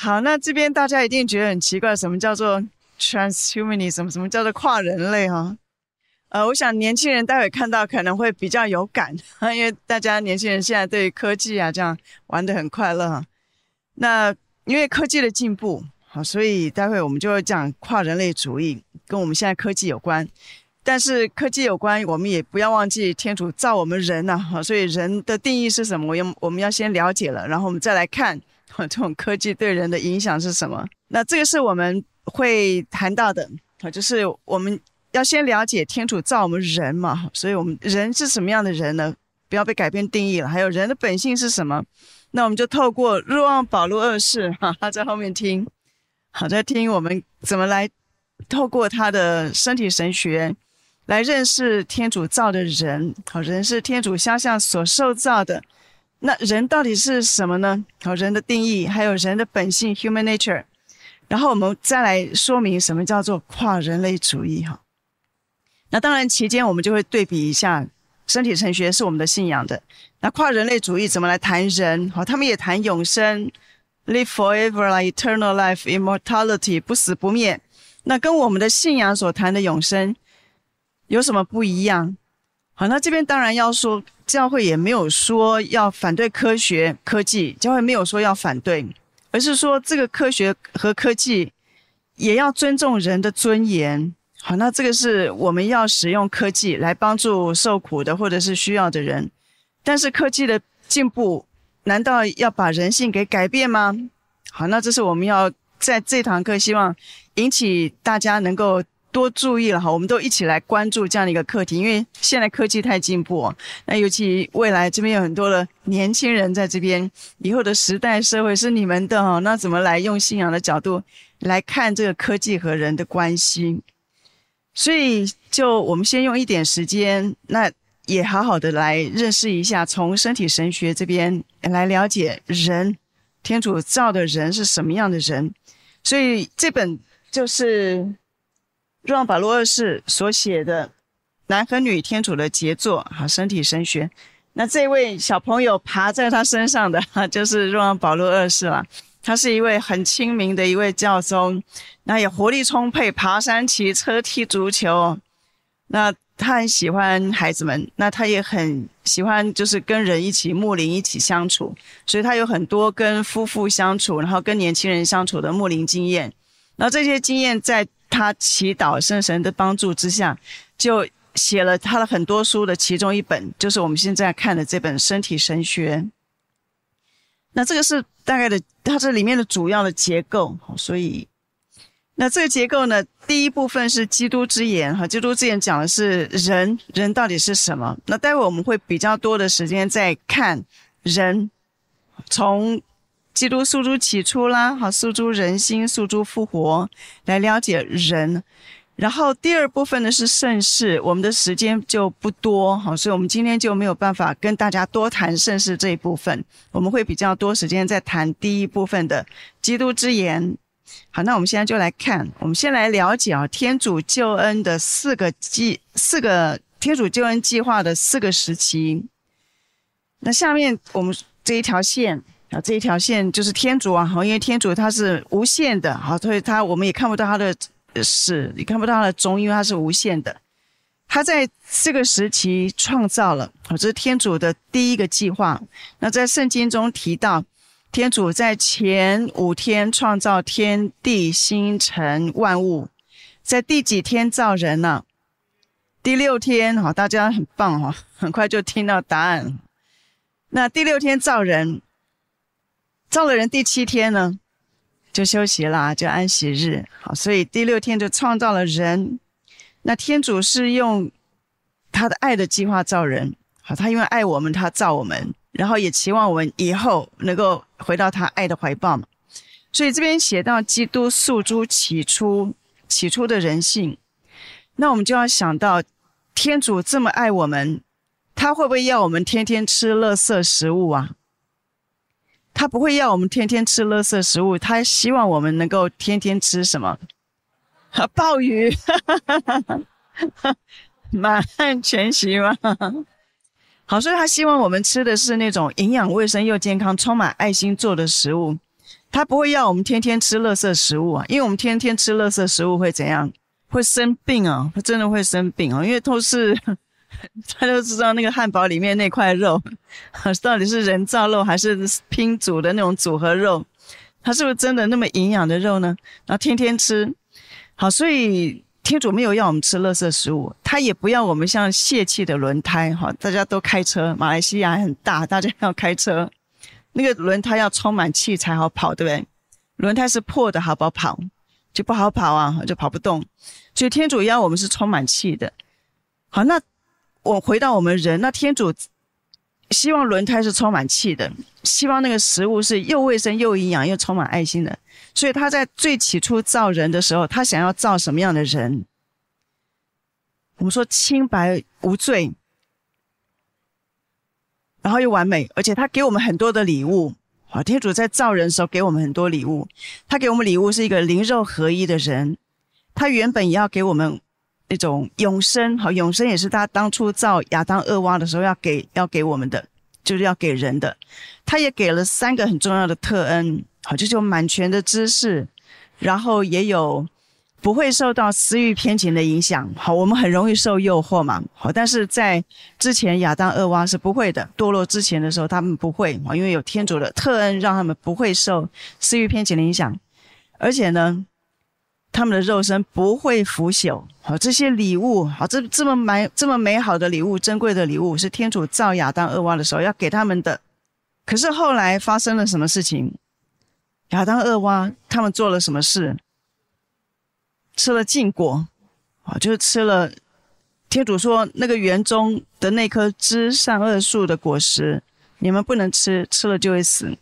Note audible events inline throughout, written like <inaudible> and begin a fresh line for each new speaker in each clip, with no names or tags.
好，那這邊大家一定覺得很奇怪，什麼叫做 transhumanism？什麼叫做跨人類？啊？哈，呃，我想年輕人待會看到可能會比較有感，因為大家年輕人現在對科技啊這樣玩得很快樂哈。那因為科技的進步，好，所以待會我們就會講跨人類主義跟我們現在科技有關。但是科技有關，我們也不要忘記天主造我們人吶、啊、好，所以人的定義是什麼？我要我們要先了解了，然後我們再來看。這種科技對人的影響是什麼？那這個是我們會談到的。好，就是我們要先了解天主造我們人嘛，所以我們人是什麼樣的人呢？不要被改變定義了。還有人的本性是什麼？那我們就透過若望保祿二世，哈，哈，他在後面聽，好，在聽我們怎麼來透過他的身體神學來認識天主造的人。好，人是天主肖像所受造的。那人到底是什麼呢？好，人的定義，還有人的本性 （human nature）。然後我們再來說明什麼叫做跨人類主義。哈，那當然期間我們就會對比一下，身體神學是我們的信仰的。那跨人類主義怎麼來談人？好，他們也談永生 （live forever, like eternal life, immortality，不死不滅）。那跟我們的信仰所談的永生有什麼不一樣？好，那這邊當然要說，教會也沒有說要反對科學科技，教會沒有說要反對，而是說這個科學和科技也要尊重人的尊嚴。好，那這個是我們要使用科技來幫助受苦的或者是需要的人，但是科技的進步難道要把人性給改變嗎？好，那這是我們要在這堂課希望引起大家能夠。多注意了，哈，我們都一起來關注這樣的一個課題，因為現在科技太進步，那尤其未來這邊有很多的年輕人在這邊，以後的時代社會是你們的哈，那怎麼來用信仰的角度來看這個科技和人的關係？所以，就我們先用一點時間，那也好好的來認識一下，從身體神學這邊來了解人，天主造的人是什麼樣的人？所以這本就是。若昂保祿二世所寫的《男和女天主的傑作》哈、啊，身體神學。那這位小朋友爬在他身上的哈、啊，就是若望保祿二世了。他是一位很親民的一位教宗，那也活力充沛，爬山騎、騎車、踢足球。那他很喜歡孩子們，那他也很喜歡就是跟人一起牧靈一起相處。所以他有很多跟夫婦相處，然後跟年輕人相處的牧靈經驗。那這些經驗在。他祈禱聖神、神的幫助之下，就寫了他的很多書的其中一本，就是我們現在看的這本《身體神學》。那這個是大概的，他這裡面的主要的結構。所以，那這個結構呢，第一部分是基督之言，哈，基督之言講的是人，人到底是什麼？那待會我們會比較多的時間再看人，從。基督訴諸起初啦，好，訴諸人心，訴諸復活，來了解人。然後第二部分呢是聖事，我們的時間就不多，好，所以我們今天就沒有辦法跟大家多談聖事這一部分。我們會比較多時間在談第一部分的基督之言。好，那我們現在就來看，我們先來了解啊，天主救恩的四個計，四個天主救恩計劃的四個時期。那下面我們這一條線。啊，這一條線就是天主啊，因為天主他是無限的，好，所以他我們也看不到他的始，也看不到他的終，因為他是無限的。他在這個時期創造了，好，這是天主的第一個計劃。那在聖經中提到，天主在前五天創造天地星辰萬物，在第幾天造人呢？啊？第六天，哈，大家很棒、啊，哈，很快就聽到答案。那第六天造人。造了人，第七天呢，就休息啦，就安息日。好，所以第六天就創造了人。那天主是用他的愛的計劃造人。好，他因為愛我們，他造我們，然後也期望我們以後能夠回到他愛的懷抱嘛。所以這邊寫到基督訴諸起初、起初的人性，那我們就要想到，天主這麼愛我們，他會不會要我們天天吃垃圾食物啊？他不會要我們天天吃垃圾食物，他希望我們能夠天天吃什麼？啊，鮑魚，哈哈哈哈，滿漢全席嗎？好，所以他希望我們吃的是那種營養、衛生又健康、充滿愛心做的食物。他不會要我們天天吃垃圾食物啊，因為我們天天吃垃圾食物會怎樣？會生病啊，他真的會生病啊，因為都是。他都知道那個漢堡裡面那塊肉到底是人造肉還是拼組的那種組合肉，它是不是真的那麼營養的肉呢？然後天天吃。好，所以天主沒有要我們吃垃圾食物，他也不要我們像洩氣的輪胎哈。大家都開車，馬來西亞還很大，大家要開車，那個輪胎要充滿氣才好跑，對不對？輪胎是破的，好不好跑？就不好跑啊，就跑不動。所以天主要我們是充滿氣的。好，那我回到我們人那天主希望輪胎是充滿氣的，希望那個食物是又衛生又營養又充滿愛心的。所以他在最起初造人的時候，他想要造什麼樣的人？我們說清白無罪，然後又完美，而且他給我們很多的禮物哇，天主在造人的時候給我們很多禮物，他給我們禮物是一個靈肉合一的人，他原本也要給我們。那種永生，好，永生也是他當初造亞當、厄娃的時候要給要給我們的，就是要給人的。他也給了三個很重要的特恩，好，就就是滿全的知識，然後也有不會受到私慾偏情的影響。好，我們很容易受誘惑嘛，好，但是在之前亞當、厄娃是不會的，墮落之前的時候他們不會，好，因為有天主的特恩讓他們不會受私慾偏情的影響，而且呢。他們的肉身不會腐朽。好、哦，這些禮物，好、哦，這這麼美、這麼美好的禮物、珍貴的禮物，是天主造亞當、厄娃的時候要給他們的。可是後來發生了什麼事情？亞當、厄娃他們做了什麼事？吃了禁果，啊、哦，就是吃了天主說那個園中的那棵知善惡樹的果實，你們不能吃，吃了就會死。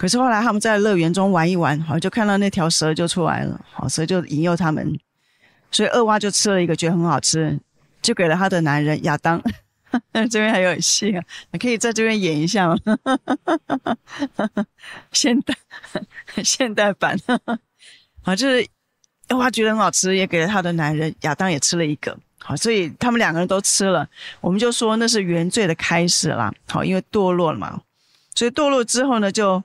可是後來他們在樂園中玩一玩，好像就看到那條蛇就出來了，好，蛇就引誘他們，所以厄娃就吃了一個，覺得很好吃，就給了他的男人亞當。那 <laughs> 這邊還有戲啊，你可以在這邊演一下嗎？哈哈哈哈哈！現代，現代版， <laughs> 好，就是厄娃覺得很好吃，也給了他的男人亞當也吃了一個，好，所以他們兩個人都吃了，我們就說那是原罪的開始啦，好，因為墮落了嘛，所以墮落之後呢就。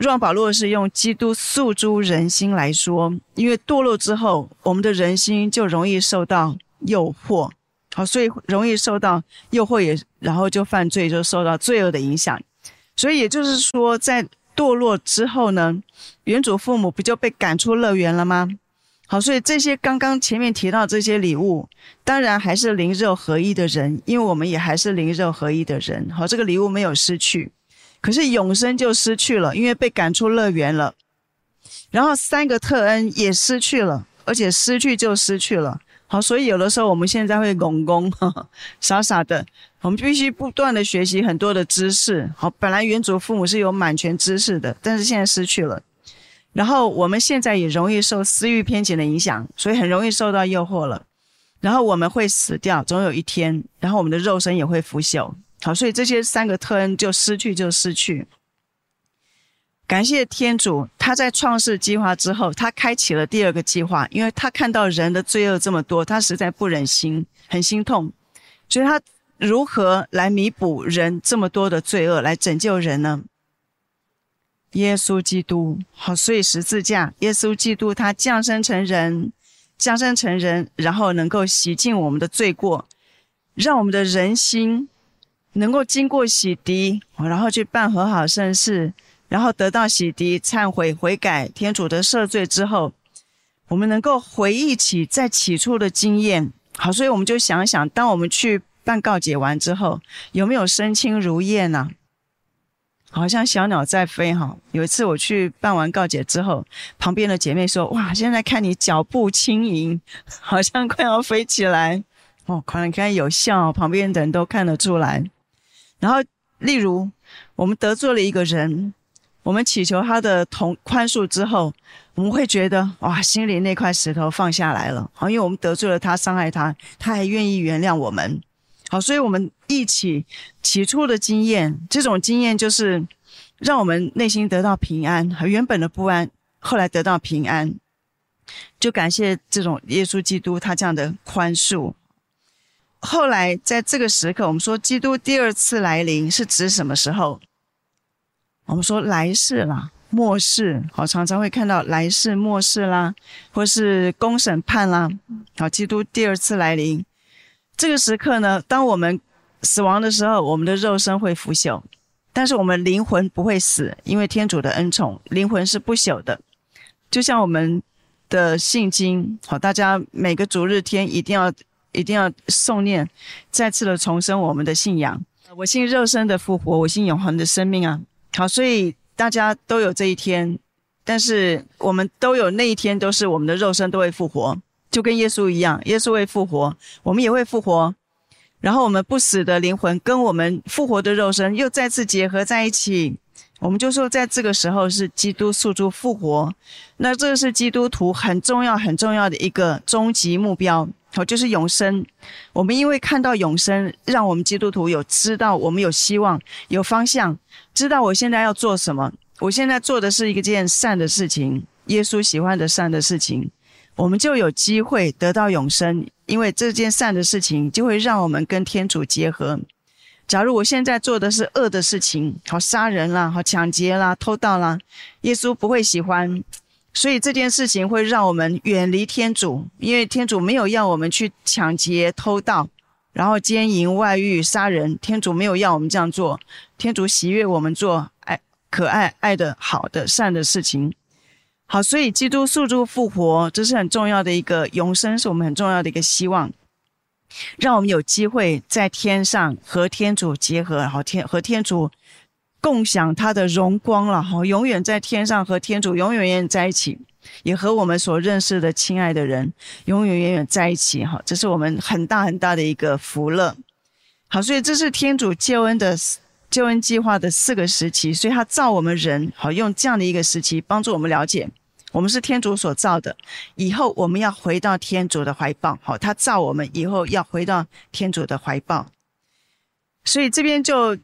若保祿是用基督訴諸人心來說，因為墮落之後，我們的人心就容易受到誘惑，好，所以容易受到誘惑也，然後就犯罪，就受到罪惡的影響。所以也就是說，在墮落之後呢，原祖父母不就被趕出樂園了嗎？好，所以這些剛剛前面提到這些禮物，當然還是靈肉合一的人，因為我們也還是靈肉合一的人，好，這個禮物沒有失去。可是永生就失去了，因為被趕出樂園了。然後三個特恩也失去了，而且失去就失去了。好，所以有的時候我們現在會懵懵傻傻的，我們必須不斷的學習很多的知識。好，本來原祖父母是有滿全知識的，但是現在失去了。然後我們現在也容易受私慾偏見的影響，所以很容易受到誘惑了。然後我們會死掉，總有一天，然後我們的肉身也會腐朽。好，所以這些三個特恩就失去就失去。感謝天主，他在創世計劃之後，他開啟了第二個計劃，因為他看到人的罪惡這麼多，他實在不忍心，很心痛。所以他如何來彌補人這麼多的罪惡，來拯救人呢？耶穌基督，好，所以十字架，耶穌基督他降生成人，降生成人，然後能夠洗淨我們的罪過，讓我們的人心能夠經過洗滌，然後去辦和好聖事，然後得到洗滌、懺悔、悔改，天主的赦罪之後，我們能夠回憶起在起初的經驗。好，所以我們就想想，當我們去辦告解完之後，有沒有身輕如燕啊？好像小鳥在飛。哈、哦，有一次我去辦完告解之後，旁邊的姐妹說：“哇，現在看你腳步輕盈，好像快要飛起來。”哦，可能看有笑，旁邊的人都看得出來。然後，例如，我們得罪了一個人，我們祈求他的同寬恕之後，我們會覺得哇，心裡那塊石頭放下來了。好，因為我們得罪了他，傷害他，他還願意原諒我們。好，所以我們一起起初的經驗，這種經驗就是讓我們內心得到平安，和原本的不安後來得到平安，就感謝這種耶穌基督他這樣的寬恕。後來，在這個時刻，我們說基督第二次來臨是指什麼時候？我們說來世啦，末世，好，常常會看到來世末世啦，或是公審判啦。好，基督第二次來臨這個時刻呢？當我們死亡的時候，我們的肉身會腐朽，但是我們靈魂不會死，因為天主的恩寵，靈魂是不朽的。就像我們的信經，好，大家每個主日天一定要。一定要誦念，再次的重生我們的信仰。我信肉身的復活，我信永恆的生命啊！好，所以大家都有這一天，但是我們都有那一天，都是我們的肉身都會復活，就跟耶穌一樣，耶穌會復活，我們也會復活。然後我們不死的靈魂跟我們復活的肉身又再次結合在一起。我們就說，在這個時候是基督死而復活，那這是基督徒很重要、很重要的一個終極目標，好，就是永生。我們因為看到永生，讓我們基督徒有知道我們有希望、有方向，知道我現在要做什麼。我現在做的是一個件善的事情，耶穌喜歡的善的事情，我們就有機會得到永生，因為這件善的事情就會讓我們跟天主結合。假如我現在做的是惡的事情，好殺人啦，好搶劫啦，偷盜啦，耶穌不會喜歡，所以這件事情會讓我們遠離天主，因為天主沒有要我們去搶劫、偷盜，然後姦淫、外遇、殺人，天主沒有要我們這樣做，天主喜悅我們做愛、可愛、愛的好的善的事情。好，所以基督訴諸復活，這是很重要的一個永生，是我們很重要的一個希望。讓我們有機會在天上和天主結合，好，天和天主共享他的榮光了哈，永遠在天上和天主永遠永遠在一起，也和我們所認識的親愛的人永遠永遠在一起哈，這是我們很大很大的一個福樂，好，所以這是天主救恩的救恩計劃的四個時期，所以他造我們人，好用這樣的一個時期幫助我們了解。我們是天主所造的，以後我們要回到天主的懷抱。哈、哦，他造我們以後要回到天主的懷抱。所以這邊就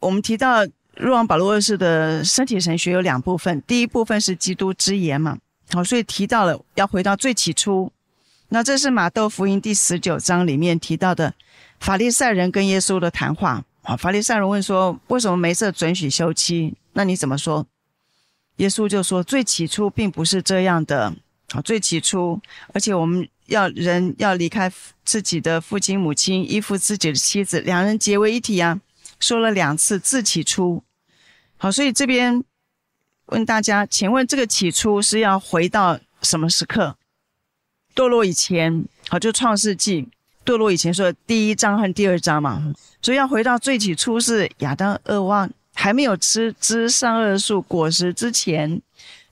我們提到若望保祿二世的身體神學有兩部分，第一部分是基督之言嘛。好、哦，所以提到了要回到最起初。那這是馬竇福音第十九章裡面提到的法利賽人跟耶穌的談話。哦，法利賽人問說：為什麼梅瑟准許休妻？那你怎麼說？耶穌就說：“最起初並不是這樣的啊，最起初，而且我們要人要離開自己的父親母親，依附自己的妻子，兩人結為一體啊。說了兩次“自起初”，好，所以這邊問大家，請問這個起初是要回到什麼時刻？墮落以前，好，就創世紀墮落以前說的第一章和第二章嘛，所以要回到最起初是亞當厄娃。還沒有吃，吃善惡樹果實之前，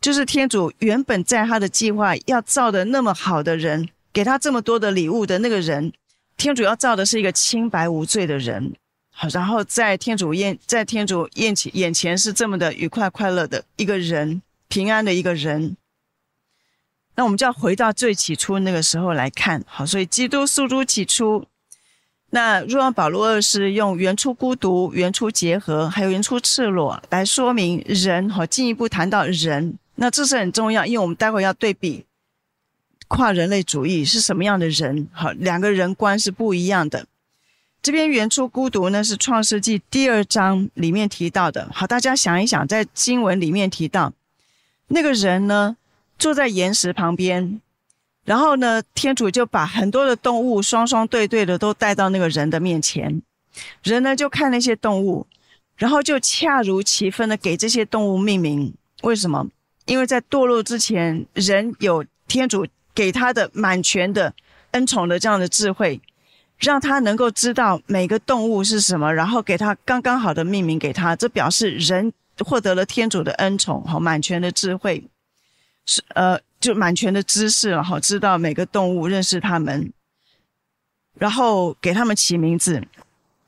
就是天主原本在他的計劃要造的那麼好的人，給他這麼多的禮物的那個人，天主要造的是一個清白無罪的人，好，然後在天主眼在天主眼眼前是這麼的愉快快樂的一個人，平安的一個人。那我們就要回到最起初那個時候來看，好，所以基督訴諸起初。那若望保祿二世用“原初孤獨”、“原初結合”還有“原初赤裸”來說明人，好進一步談到人。那這是很重要，因為我們待會要對比跨人類主義是什麼樣的人，好，兩個人觀是不一樣的。這邊“原初孤獨”呢是創世紀第二章裡面提到的。好，大家想一想，在經文裡面提到那個人呢，坐在岩石旁邊。然後呢，天主就把很多的動物，雙雙對對的都帶到那個人的面前，人呢就看那些動物，然後就恰如其分的給這些動物命名。為什麼？因為在墮落之前，人有天主給他的滿全的恩寵的這樣的智慧，讓他能夠知道每個動物是什麼，然後給他剛剛好的命名給他。這表示人獲得了天主的恩寵和滿全的智慧，是呃。就滿全的知識，然後知道每個動物，認識他們，然後給他們起名字。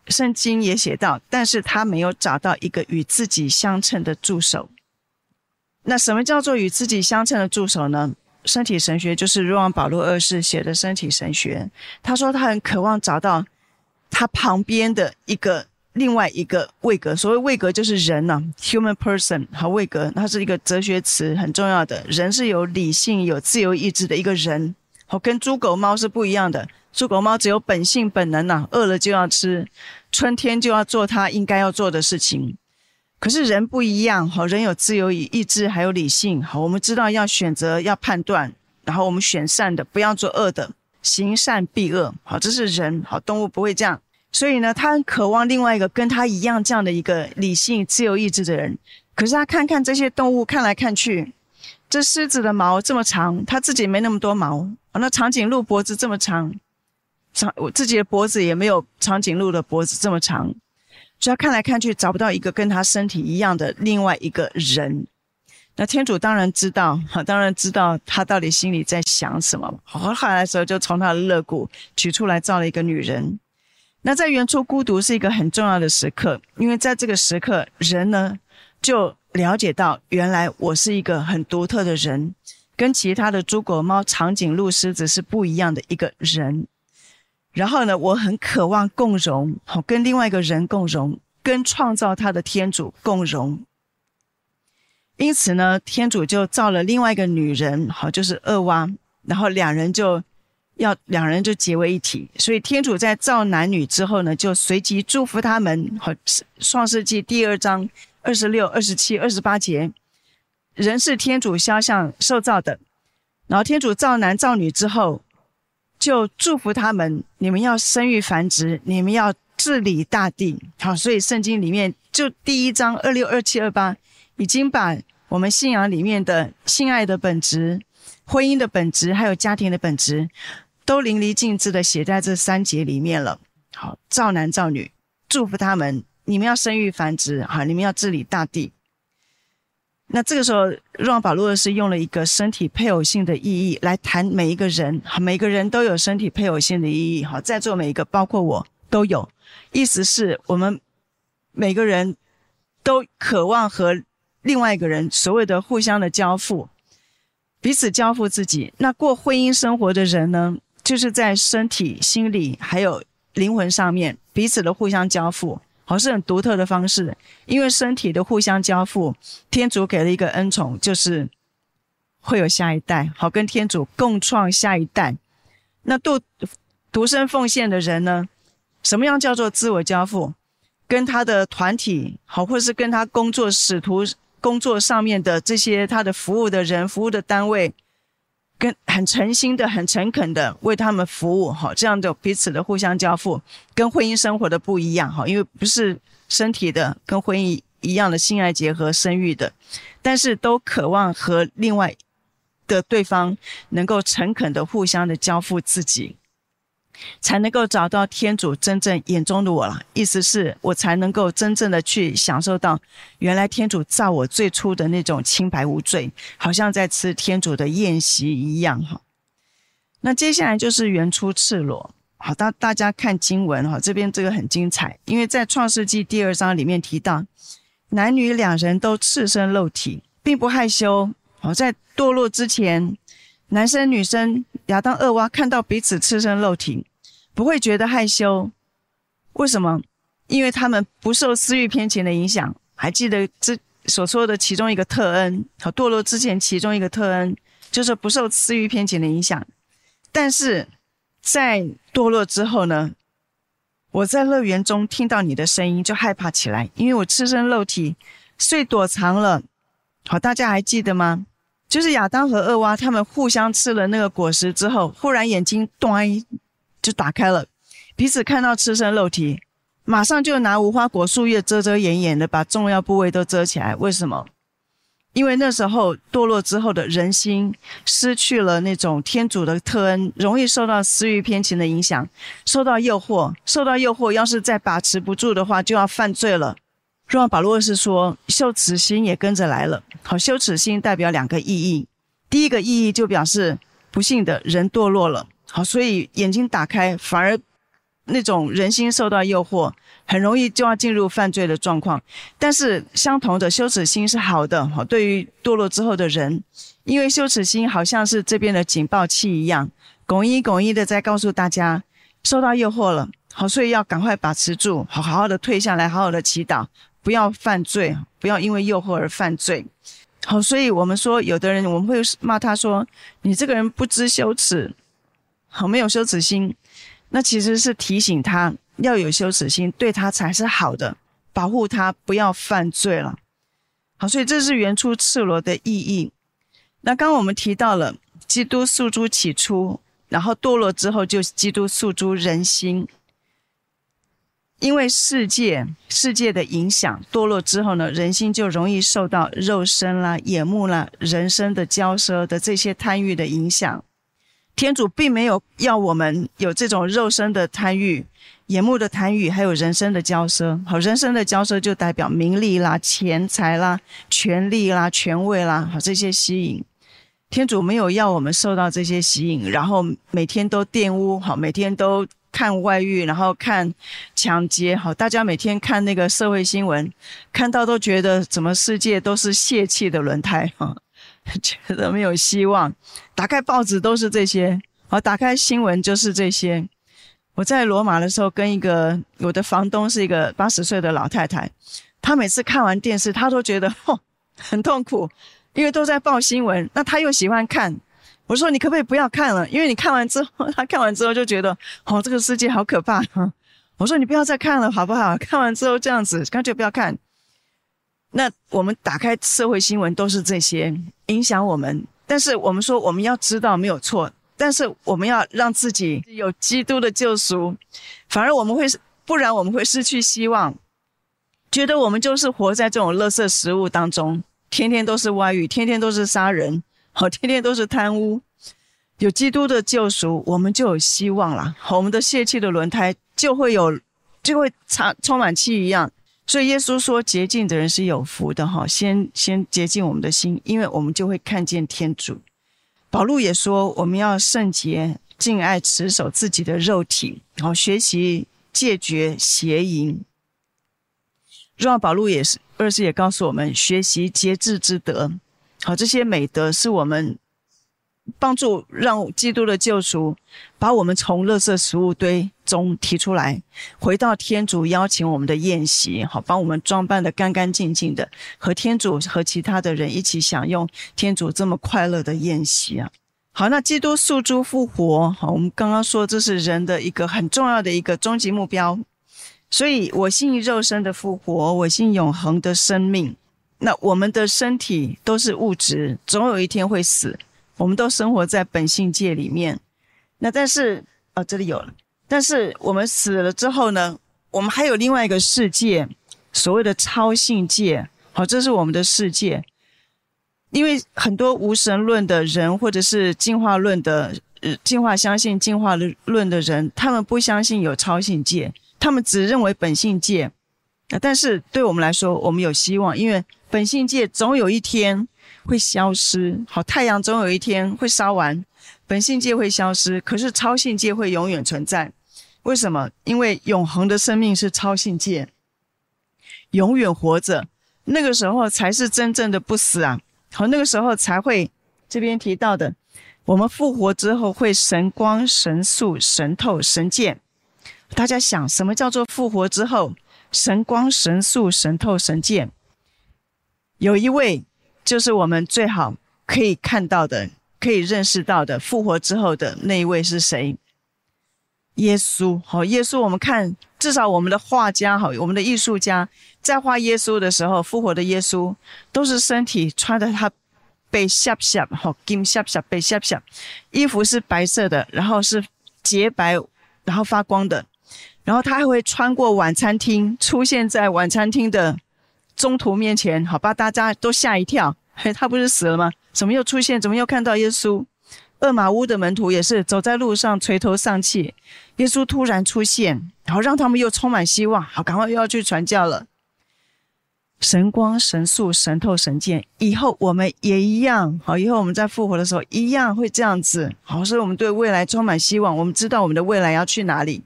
聖經也寫到，但是他沒有找到一個與自己相稱的助手。那什麼叫做與自己相稱的助手呢？身體神學就是若望保祿二世寫的身體神學。他說他很渴望找到他旁邊的一個。另外一個位格，所謂位格就是人吶、啊，human person 好，位格，它是一個哲學詞，很重要的。人是有理性、有自由意志的一個人，好，跟豬狗貓是不一樣的。豬狗貓只有本性、本能吶、啊，餓了就要吃，春天就要做它應該要做的事情。可是人不一樣，好、哦，人有自由意志，還有理性，好，我們知道要選擇、要判斷，然後我們選善的，不要做惡的，行善避惡，好，這是人，好，動物不會這樣。所以呢，他很渴望另外一個跟他一樣這樣的一個理性、自由意志的人。可是他看看這些動物，看來看去，這獅子的毛這麼長，他自己沒那麼多毛、啊；那長頸鹿脖子這麼長，長我自己的脖子也沒有長頸鹿的脖子這麼長。所以他看來看去找不到一個跟他身體一樣的另外一個人。那天主當然知道，哈、啊，當然知道他到底心裡在想什麼。好，後來的時候就從他的肋骨取出來造了一個女人。那在原初孤獨是一個很重要的時刻，因為在這個時刻，人呢就了解到，原來我是一個很獨特的人，跟其他的豬狗貓、長頸鹿、獅子是不一樣的一個人。然後呢，我很渴望共融，好跟另外一個人共融，跟創造他的天主共融。因此呢，天主就造了另外一個女人，好就是厄娃，然後兩人就。要兩人就結為一體，所以天主在造男女之後呢，就隨即祝福他們。好，創世紀第二章二十六、二十七、二十八節，人是天主肖像受造的。然後天主造男造女之後，就祝福他們：你們要生育繁殖，你們要治理大地。好，所以聖經裡面就第一章二六、二七、二八，已經把我們信仰裡面的性愛的本質、婚姻的本質，還有家庭的本質。都淋漓盡致地寫在這三節裡面了。好，造男造女，祝福他們。你們要生育繁殖，好，你們要治理大地。那這個時候，若望保祿是用了一個身體配偶性的意義來談每一個人。好，每個人都有身體配偶性的意義。好，在座每一個，包括我，都有。意思是我們每個人都渴望，和另外一個人所謂的互相的交付，彼此交付自己。那過婚姻生活的人呢？就是在身體、心理還有靈魂上面彼此的互相交付，好，是很獨特的方式。因為身體的互相交付，天主給了一個恩寵，就是會有下一代，好，跟天主共創下一代。那度獨身奉獻的人呢？什麼樣叫做自我交付？跟他的團體好，或是跟他工作、使徒工作上面的這些他的服務的人、服務的單位。跟很誠心的、很誠懇的為他們服務哈，這樣就彼此的互相交付，跟婚姻生活的不一樣哈，因為不是身體的，跟婚姻一樣的性愛結合生育的，但是都渴望和另外的對方能夠誠懇的互相的交付自己。才能夠找到天主真正眼中的我了，意思是我才能夠真正的去享受到，原來天主造我最初的那種清白無罪，好像在吃天主的宴席一樣哈。那接下來就是原初赤裸，好，大大家看經文哈，這邊這個很精彩，因為在創世紀第二章裡面提到，男女兩人都赤身露體，並不害羞。好，在墮落之前，男生女生亞當、厄娃看到彼此赤身露體。不會覺得害羞，為什麼？因為他們不受私欲偏情的影響。還記得這所說的其中一個特恩和、哦、墮落之前，其中一個特恩就是不受私欲偏情的影響。但是在墮落之後呢？我在樂園中聽到你的聲音就害怕起來，因為我赤身露體，所以躲藏了。好、哦，大家還記得嗎？就是亞當和厄娃他們互相吃了那個果實之後，忽然眼睛動。一。就打開了，彼此看到赤身露體，馬上就拿無花果樹葉遮遮掩掩的，把重要部位都遮起來。為什麼？因為那時候墮落之後的人心失去了那種天主的特恩，容易受到私欲偏情的影響，受到誘惑，受到誘惑，要是再把持不住的話，就要犯罪了。若望保祿二世說，羞恥心也跟着來了。好，羞恥心代表兩個意義，第一個意義就表示不幸的人墮落了。好，所以眼睛打開，反而那種人心受到誘惑，很容易就要進入犯罪的狀況。但是相同的羞恥心是好的，好，對於墮落之後的人，因為羞恥心好像是這邊的警報器一樣，拱一拱一的在告訴大家，受到誘惑了，好，所以要趕快把持住，好好好的退下來，好好的祈禱，不要犯罪，不要因為誘惑而犯罪。好，所以我們說有的人，我們會罵他說，你這個人不知羞恥。好，沒有羞恥心，那其實是提醒他要有羞恥心，對他才是好的，保護他不要犯罪了。好，所以這是原初赤裸的意義。那剛剛我們提到了基督訴諸起初，然後墮落之後，就基督訴諸人心。因為世界世界的影響，墮落之後呢，人心就容易受到肉身啦、眼目啦、人生的驕奢的這些貪慾的影響。天主並沒有要我們有這種肉身的貪欲、眼目的貪欲，還有人生的驕奢。好，人生的驕奢就代表名利啦、錢財啦、權力啦、權位啦，好，這些吸引。天主沒有要我們受到這些吸引，然後每天都玷污，好，每天都看外遇，然後看搶劫。好，大家每天看那個社會新聞，看到都覺得怎麼世界都是洩氣的輪胎哈。覺得沒有希望，打開報紙都是這些，好，打開新聞就是這些。我在羅馬的時候，跟一個我的房東是一個八十歲的老太太，她每次看完電視，她都覺得哦，很痛苦，因為都在報新聞。那她又喜歡看，我說你可不可以不要看了？因為你看完之後，她看完之後就覺得哦，這個世界好可怕。我說你不要再看了好不好？看完之後這樣子，乾脆不要看。那我們打開社會新聞都是這些影響我們，但是我們說我們要知道沒有錯，但是我們要讓自己有基督的救贖，反而我們會，不然我們會失去希望，覺得我們就是活在這種垃圾食物當中，天天都是外遇，天天都是殺人，好，天天都是貪污。有基督的救贖，我們就有希望了，我們的洩氣的輪胎就會有，就會充充滿氣一樣。所以耶穌說，潔淨的人是有福的。哈，先先潔淨我們的心，因為我們就會看見天主。寶祿也說，我們要聖潔，敬愛持守自己的肉體，好學習戒絕邪淫。若寶祿也是，二世也告訴我們，學習節制之德。好，這些美德是我們幫助讓基督的救贖，把我們從垃圾食物堆中提出來，回到天主邀請我們的宴席，好，幫我們裝扮的干干淨淨的，和天主和其他的人一起享用天主這麼快樂的宴席啊！好，那基督訴諸復活，好，我們剛剛說這是人的一個很重要的一個終極目標，所以我信肉身的復活，我信永恆的生命。那我們的身體都是物質，總有一天會死，我們都生活在本性界裡面。那但是哦，這裡有了。但是我們死了之後呢？我們還有另外一個世界，所謂的超性界。好，這是我們的世界。因為很多無神論的人，或者是進化論的、呃進化相信進化論的人，他們不相信有超性界，他們只認為本性界。但是對我們來說，我們有希望，因為本性界總有一天會消失。好，太陽總有一天會燒完，本性界會消失，可是超性界會永遠存在。為什麼？因為永恆的生命是超性界，永遠活着，那個時候才是真正的不死啊！好，那個時候才會這邊提到的，我們復活之後會神光、神速、神透、神見。大家想，什麼叫做復活之後神光、神速、神透、神見？有一位，就是我們最好可以看到的、可以認識到的復活之後的那一位是誰？耶穌。好，耶穌，我們看，至少我們的畫家好，我們的藝術家在畫耶穌的時候，復活的耶穌都是身體穿的，他被嚇嚇，好，金嚇嚇，被嚇嚇。衣服是白色的，然後是潔白，然後發光的，然後他還會穿過晚餐廳，出現在晚餐廳的中途面前，好把大家都嚇一跳，嘿、哎，他不是死了嗎？怎麼又出現？怎麼又看到耶穌？厄瑪烏的門徒也是走在路上，垂頭喪氣。耶穌突然出現，然後讓他們又充滿希望。好，趕快又要去傳教了。神光、神速、神透、神劍，以後我們也一樣。好，以後我們在復活的時候一樣會這樣子。好，所以我們對未來充滿希望。我們知道我們的未來要去哪裡。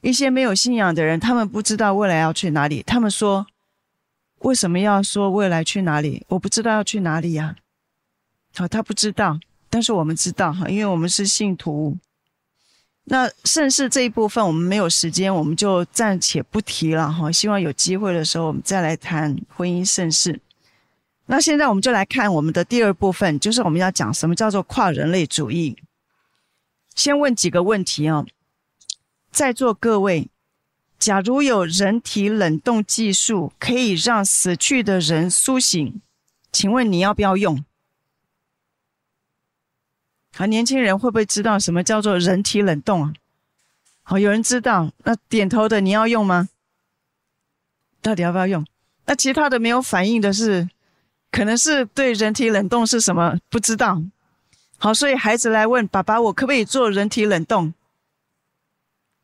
一些沒有信仰的人，他們不知道未來要去哪裡。他們說：“為什麼要說未來去哪裡？我不知道要去哪裡呀、啊。”好，他不知道，但是我們知道哈，因為我們是信徒。那聖事這一部分我們沒有時間，我們就暫且不提了哈。希望有機會的時候我們再來談婚姻聖事。那現在我們就來看我們的第二部分，就是我們要講什麼叫做跨人類主義。先問幾個問題啊，哦，在座各位，假如有人體冷凍技術可以讓死去的人蘇醒，請問你要不要用？好，年輕人會不會知道什麼叫做人體冷凍啊？好，有人知道，那點頭的你要用嗎？到底要不要用？那其他的沒有反應的是，可能是對人體冷凍是什麼，不知道。好，所以孩子來問爸爸，我可不可以做人體冷凍？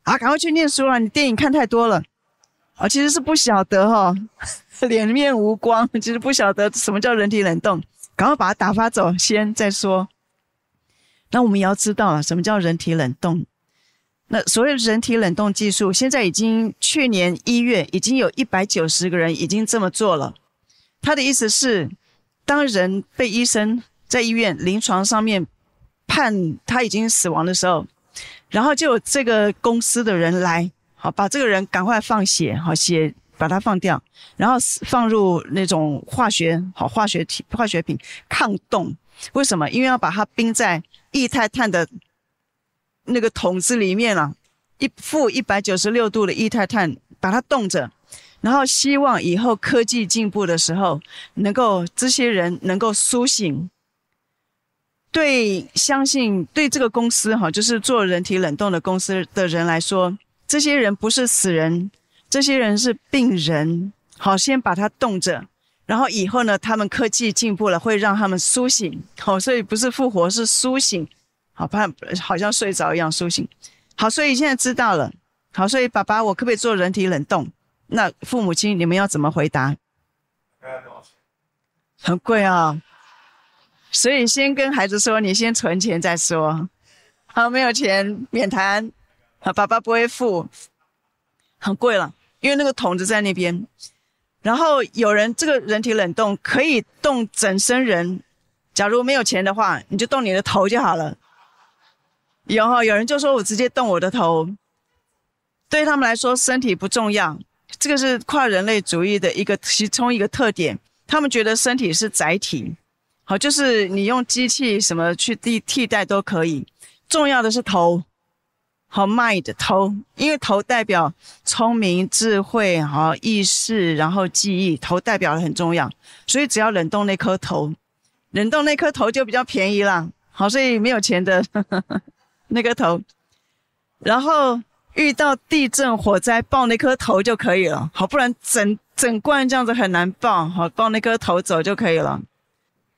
啊，趕快去念書了啊，你電影看太多了。啊，其實是不曉得哈，臉面無光，其實不曉得什麼叫人體冷凍，趕快把它打發走，先再說。那我們也要知道了，什麼叫人體冷凍。那所謂人體冷凍技術，現在已經去年一月已經有一百九十個人已經這麼做了。他的意思是，當人被醫生在醫院臨床上面判他已經死亡的時候，然後就這個公司的人來，好，把這個人趕快放血，好，血把它放掉，然後放入那種化學，好，化學體，化學品抗凍。為什麼？因為要把它冰在液態碳的那個桶子裡面了啊，一負一百九十六度的液態碳，把它凍着，然後希望以後科技進步的時候，能夠這些人能夠蘇醒。對，相信對這個公司哈，就是做人體冷凍的公司的人來說，這些人不是死人，這些人是病人，好，先把它凍着。然後以後呢？他們科技進步了，會讓他們甦醒。好、哦，所以不是復活，是甦醒。好，怕好像睡着一樣甦醒。好，所以現在知道了。好，所以爸爸，我可不可以做人體冷凍？那父母親，你們要怎麼回答？很貴，啊！所以先跟孩子說，你先存錢再說。好，沒有錢免談。好、啊，爸爸不會付，很貴了，因為那個桶子在那邊。然後有人，這個人體冷凍可以凍整身人，假如沒有錢的話，你就凍你的頭就好了。然後有人就說我直接凍我的頭，對他們來說身體不重要，這個是跨人類主義的一個其中一個特點，他們覺得身體是載體，好，就是你用機器什麼去替替代都可以，重要的是頭。好 mind 頭，因為頭代表聰明、智慧，好，意識，然後記憶，頭代表的很重要，所以只要冷凍那顆頭，冷凍那顆頭就比較便宜啦。好，所以沒有錢的呵呵那顆頭，然後遇到地震、火災抱那顆頭就可以了，好，不然整整罐這樣子很難抱，好抱那顆頭走就可以了。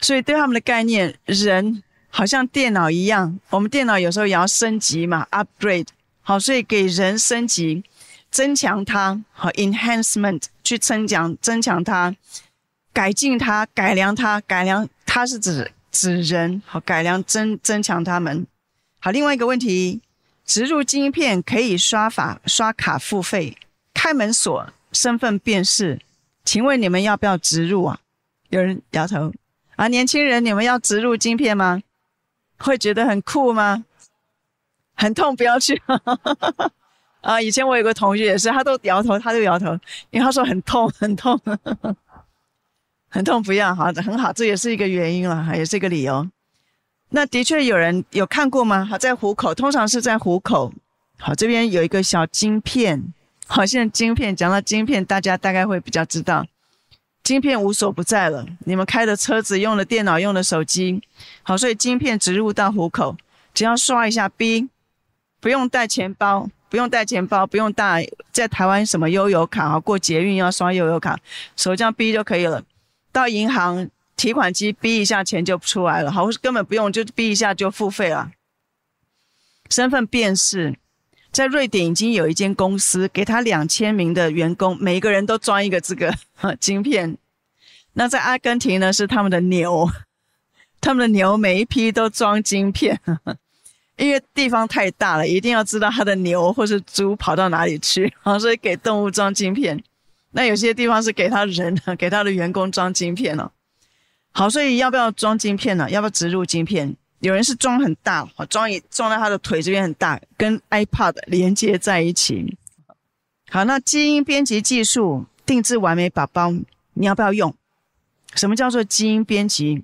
所以對他們的概念，人好像電腦一樣。我們電腦有時候也要升級嘛，upgrade。Up grade，好，所以給人升級，增強它和 enhancement 去增強、增強它，改進它、改良它、改良。它是指指人和改良、增增強他們。好，另外一個問題，植入晶片可以刷法刷卡付費、開門鎖、身份辨識。請問你們要不要植入啊？有人搖頭。啊，年輕人，你們要植入晶片嗎？會覺得很酷嗎？很痛，不要去。 <laughs> 啊，以前我有個同學也是，他都搖頭，他都搖頭，因為他說很痛，很痛， <laughs> 很痛，不要，好，很好，這也是一個原因了，也是一個理由。那的確有人有看過嗎？好，在虎口，通常是在虎口。好，這邊有一個小晶片。好，現在晶片，講到晶片，大家大概會比較知道。晶片無所不在了，你們開的車子、用的電腦、用的手機，好，所以晶片植入到虎口，只要刷一下 B，不用帶錢包，不用帶錢包，不用帶，在台灣什麼悠遊卡，好，過捷運要刷悠遊卡，手這樣 B 就可以了，到銀行提款機 B 一下錢就出來了，好，或是根本不用就 B 一下就付費了，身份辨識。在瑞典已經有一間公司，給他兩千名的員工，每一個人都裝一個這個、啊、晶片。那在阿根廷呢，是他們的牛，他們的牛每一批都裝晶片，啊、因為地方太大了，一定要知道他的牛或是豬跑到哪裡去，啊、所以給動物裝晶片。那有些地方是給他人，啊、給他的員工裝晶片哦、啊。好，所以要不要裝晶片呢、啊？要不要植入晶片？有人是裝很大，裝一，裝到他的腿這邊很大，跟 iPad 連接在一起。好，那基因編輯技術定制完美寶寶，你要不要用？什麼叫做基因編輯？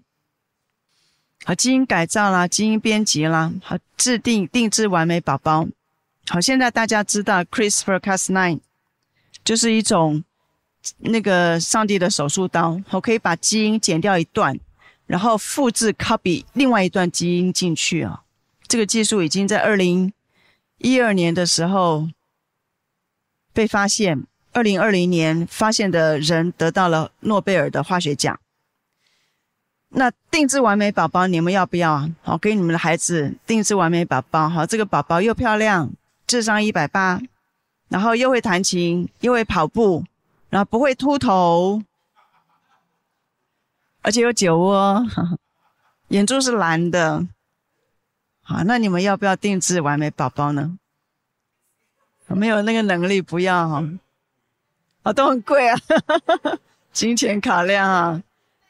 好，基因改造啦，基因編輯啦，好，制定定制完美寶寶。好，現在大家知道 CRISPR-Cas9 就是一種那個上帝的手術刀，我可以把基因剪掉一段。然後複制 copy 另外一段基因進去啊，這個技術已經在二零一二年的時候被發現，二零二零年發現的人得到了諾貝爾的化學獎。那定制完美寶寶，你們要不要啊？好，給你們的孩子定制完美寶寶，好，這個寶寶又漂亮，智商一百八，然後又會彈琴，又會跑步，然後不會禿頭。而且有酒窩，眼珠是藍的，好，那你們要不要定制完美寶寶呢？沒有那個能力，不要哈，啊、嗯，都很貴啊，金錢考量啊。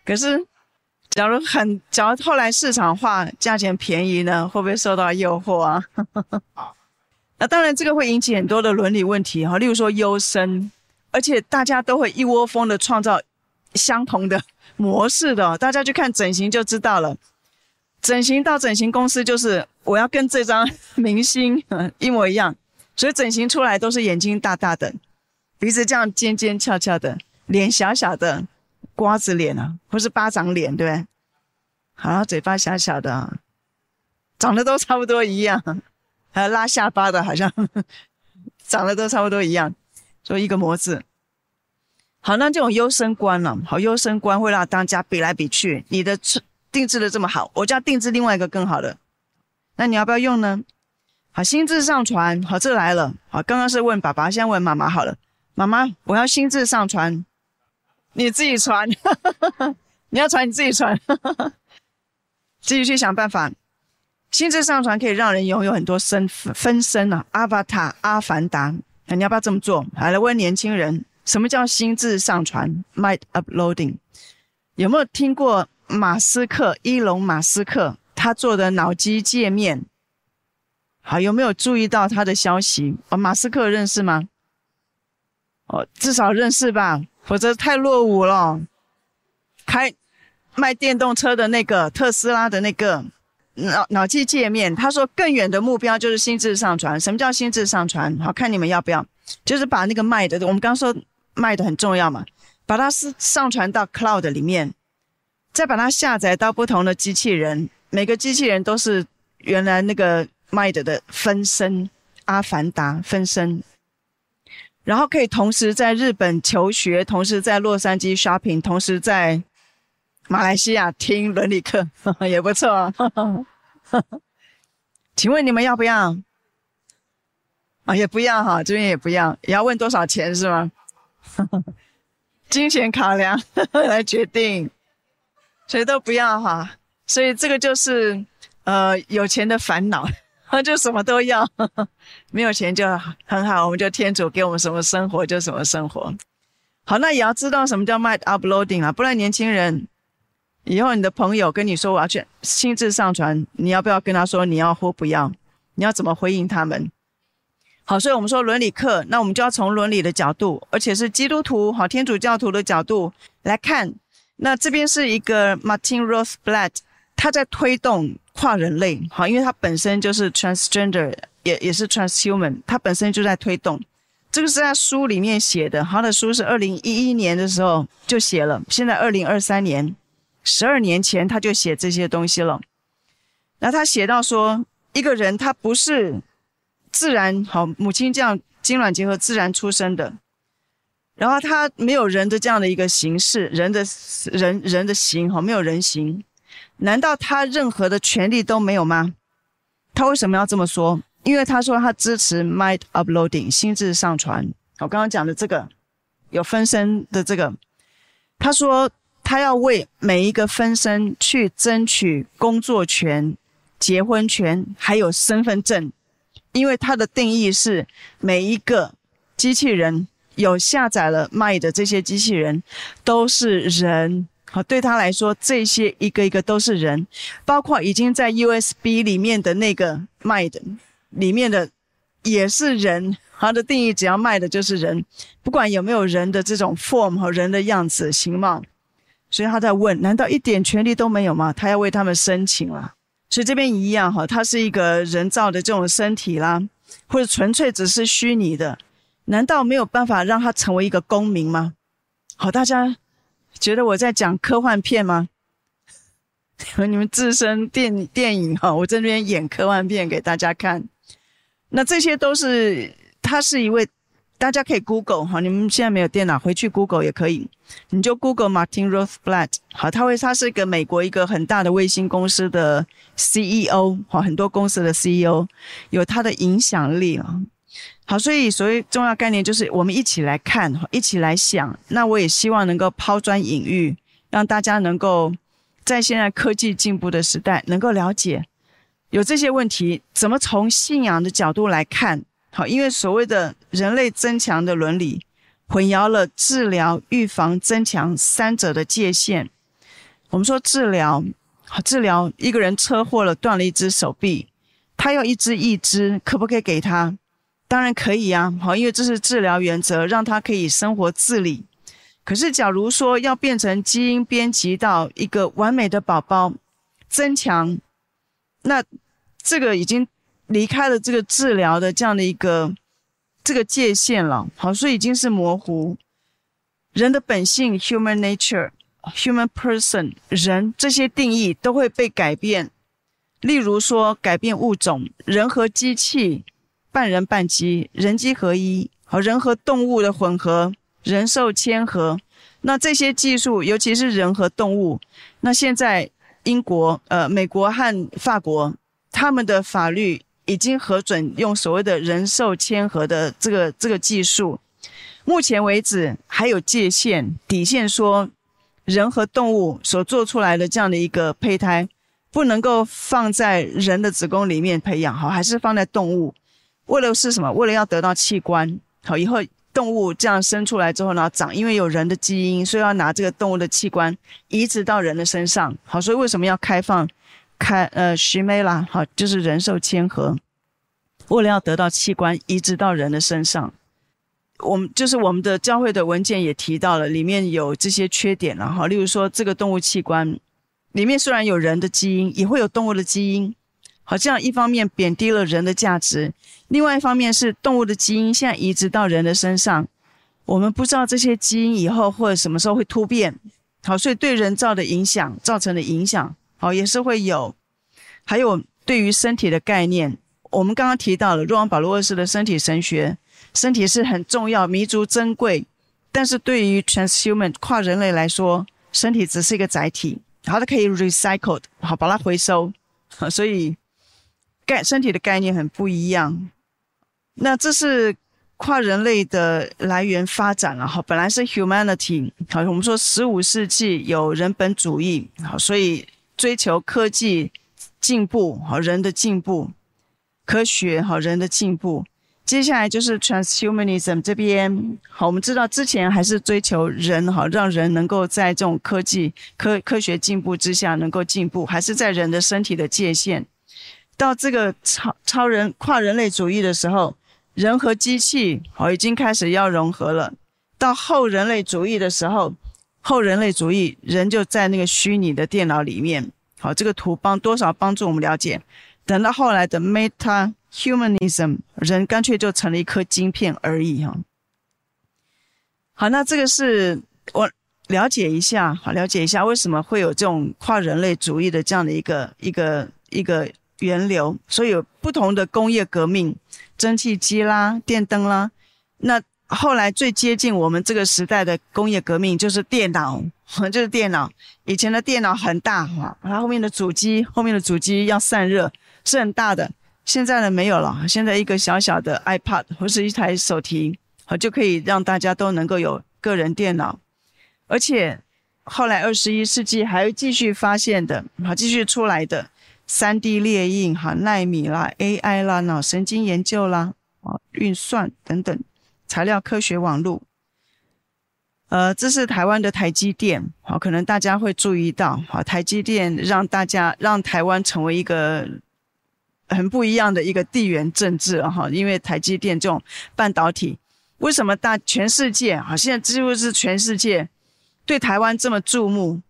可是，假如很，假如後來市場化，價錢便宜呢，會不會受到誘惑啊？那、嗯、當然，這個會引起很多的倫理問題哈，例如說優生，而且大家都會一窩蜂的創造。相同的模式的哦，大家去看整形就知道了。整形到整形公司就是我要跟這張明星一模一樣，所以整形出來都是眼睛大大的，鼻子這樣尖尖翹翹的，臉小小的瓜子臉啊，不是巴掌臉對不對？好，嘴巴小小的，長得都差不多一樣，還有拉下巴的，好像長得都差不多一樣，就一個模子。好，那這種優生觀呢？好，優生觀會讓大家比來比去，你的定制的這麼好，我就要定制另外一個更好的。那你要不要用呢？好，心智上傳，好，這來了。好，剛剛是問爸爸，現在問媽媽好了。媽媽，我要心智上傳，你自己傳，呵呵，你要傳你自己傳，自己去想辦法。心智上傳可以讓人擁有很多身分身啊，阿瓦塔、阿凡達，你要不要這麼做？好，來問年輕人。什麼叫心智上傳 m i h t uploading）？有沒有聽過馬斯克，伊隆·馬斯克他做的腦機界面？好，有沒有注意到他的消息？哦，馬斯克認識嗎？哦，至少認識吧，否則太落伍了。開賣電動車的那個，特斯拉的那個腦腦機界面，他說更遠的目標就是心智上傳。什麼叫心智上傳？好，看你們要不要？就是把那個賣的，我們剛，剛說。麥的很重要嘛，把它是上傳到 cloud 裡面，再把它下載到不同的機器人，每個機器人都是原來那個麥的的分身，阿凡達分身，然後可以同時在日本求學，同時在洛杉磯 shopping，同時在馬來西亞聽倫理課，也不錯。啊， <laughs> 請問你們要不要？啊，也不要哈、啊，這邊也不要，也要問多少錢是嗎？ <laughs> 金錢考量 <laughs> 來決定，誰都不要哈、啊，所以這個就是呃有錢的煩惱，就什麼都要， <laughs> 沒有錢就很好，我們就天主給我們什麼生活就什麼生活。好，那也要知道什麼叫 mind uploading 啊，不然年輕人以後你的朋友跟你說，我要去心智上傳，你要不要跟他說你要或不要？你要怎麼回應他們？好，所以我們說倫理課，那我們就要從倫理的角度，而且是基督徒，好，天主教徒的角度來看。那這邊是一個 Martin Rothblatt，他在推動跨人類，好，因為他本身就是 transgender，也也是 transhuman，他本身就在推動。這個是在書裡面寫的，好，他的書是二零一一年的時候就寫了，現在二零二三年，十二年前他就寫這些東西了。那他寫到說，一個人他不是。自然好，母親這樣精卵結合自然出生的，然後他沒有人的這樣的一個形式，人的人人的形好，沒有人形，難道他任何的權利都沒有嗎？他為什麼要這麼說？因為他說他支持 mind uploading 心智上傳，我剛剛講的這個有分身的這個，他說他要為每一個分身去爭取工作權、結婚權，還有身份證。因為他的定義是每一個機器人，有下載了賣的這些機器人都是人，好，對他來說，這些一個一個都是人，包括已經在 USB 裡面的那個賣的裡面的也是人。他的定義只要賣的就是人，不管有沒有人的這種 form 和人的樣子形貌。所以他在問：難道一點權利都沒有嗎？他要為他們申請了。所以這邊一樣哈，它是一個人造的這種身體啦，或者純粹只是虛擬的，難道沒有辦法讓它成為一個公民嗎？好，大家覺得我在講科幻片嗎？你們自身電電影哈，我在這邊演科幻片給大家看。那這些都是，他是一位，大家可以 Google 哈，你們現在沒有電腦，回去 Google 也可以。你就 Google Martin Rothblatt 好，他會，他是一個美國一個很大的衛星公司的 CEO 好，很多公司的 CEO 有他的影響力啊。好，所以所謂重要概念就是我們一起來看，一起來想。那我也希望能夠拋磚引玉，讓大家能夠在現在科技進步的時代能夠了解有這些問題怎麼從信仰的角度來看。好，因為所謂的人類增強的倫理。混淆了治療、預防、增強三者的界限。我們說治療，好，治療一個人車禍了，斷了一隻手臂，他要一隻一隻，可不可以給他？當然可以呀，好，因為這是治療原則，讓他可以生活自理。可是，假如說要變成基因編輯到一個完美的寶寶，增強，那這個已經離開了這個治療的這樣的一個。這個界限了，好，所以已經是模糊。人的本性 （human nature）、human person，人這些定義都會被改變。例如說，改變物種，人和機器，半人半機，人機合一，和人和動物的混合，人獸嵌合。那這些技術，尤其是人和動物，那現在英國、呃，美國和法國，他們的法律。已經核准，用所謂的人獸嵌合的這個這個技術，目前為止還有界限底線說，說人和動物所做出來的這樣的一個胚胎，不能夠放在人的子宮裡面培養，好，還是放在動物？為了是什麼？為了要得到器官，好，以後動物這樣生出來之後呢，長，因為有人的基因，所以要拿這個動物的器官移植到人的身上，好，所以為什麼要開放？開呃，徐梅啦，好，就是人獸嵌合，為了要得到器官移植到人的身上，我們就是我們的教會的文件也提到了，裡面有這些缺點然、啊、後例如說這個動物器官裡面雖然有人的基因，也會有動物的基因，好，這樣一方面貶低了人的價值，另外一方面是動物的基因現在移植到人的身上，我們不知道這些基因以後或者什麼時候會突變，好，所以對人造的影響造成的影響。好、哦，也是會有，還有對於身體的概念，我們剛剛提到了若望保羅二世的身體神學，身體是很重要、彌足珍貴，但是對於 transhuman 跨人類來說，身體只是一個載體，好，它可以 recycled，好把它回收，所以概身體的概念很不一樣。那這是跨人類的來源發展了、啊、哈，本來是 humanity，好，我們說十五世紀有人本主義，好，所以。追求科技進步，好人的進步，科學好人的進步。接下來就是 transhumanism 這邊，好，我們知道之前還是追求人，好，讓人能夠在這種科技科科學進步之下能夠進步，還是在人的身體的界限。到這個超超人，跨人類主義的時候，人和機器好已經開始要融合了。到後人類主義的時候。後人類主義，人就在那個虛擬的電腦裡面。好，這個圖幫多少幫助我們了解。等到後來的 Meta Humanism，人乾脆就成了一顆晶片而已哈、啊，好，那這個是我了解一下，好了解一下為什麼會有這種跨人類主義的這樣的一個一個一個源流。所以有不同的工業革命，蒸汽機啦，電燈啦，那。後來最接近我們這個時代的工業革命就是電腦，就是電腦。以前的電腦很大，它、啊、後面的主機，後面的主機要散熱，是很大的。現在呢，沒有了，現在一個小小的 iPad 或是一台手提，好、啊、就可以讓大家都能夠有個人電腦。而且後來二十一世紀還會繼續發現的，好、啊、繼續出來的，3D 列印，好、啊、奈米啦，AI 啦，腦神經研究啦、啊，運算等等。材料科學網路，呃，這是台灣的台積電，好、哦，可能大家會注意到，好、哦，台積電讓大家讓台灣成為一個很不一樣的一個地緣政治，哈、哦，因為台積電這種半導體，為什麼大全世界啊、哦，現在幾乎是全世界對台灣這麼注目？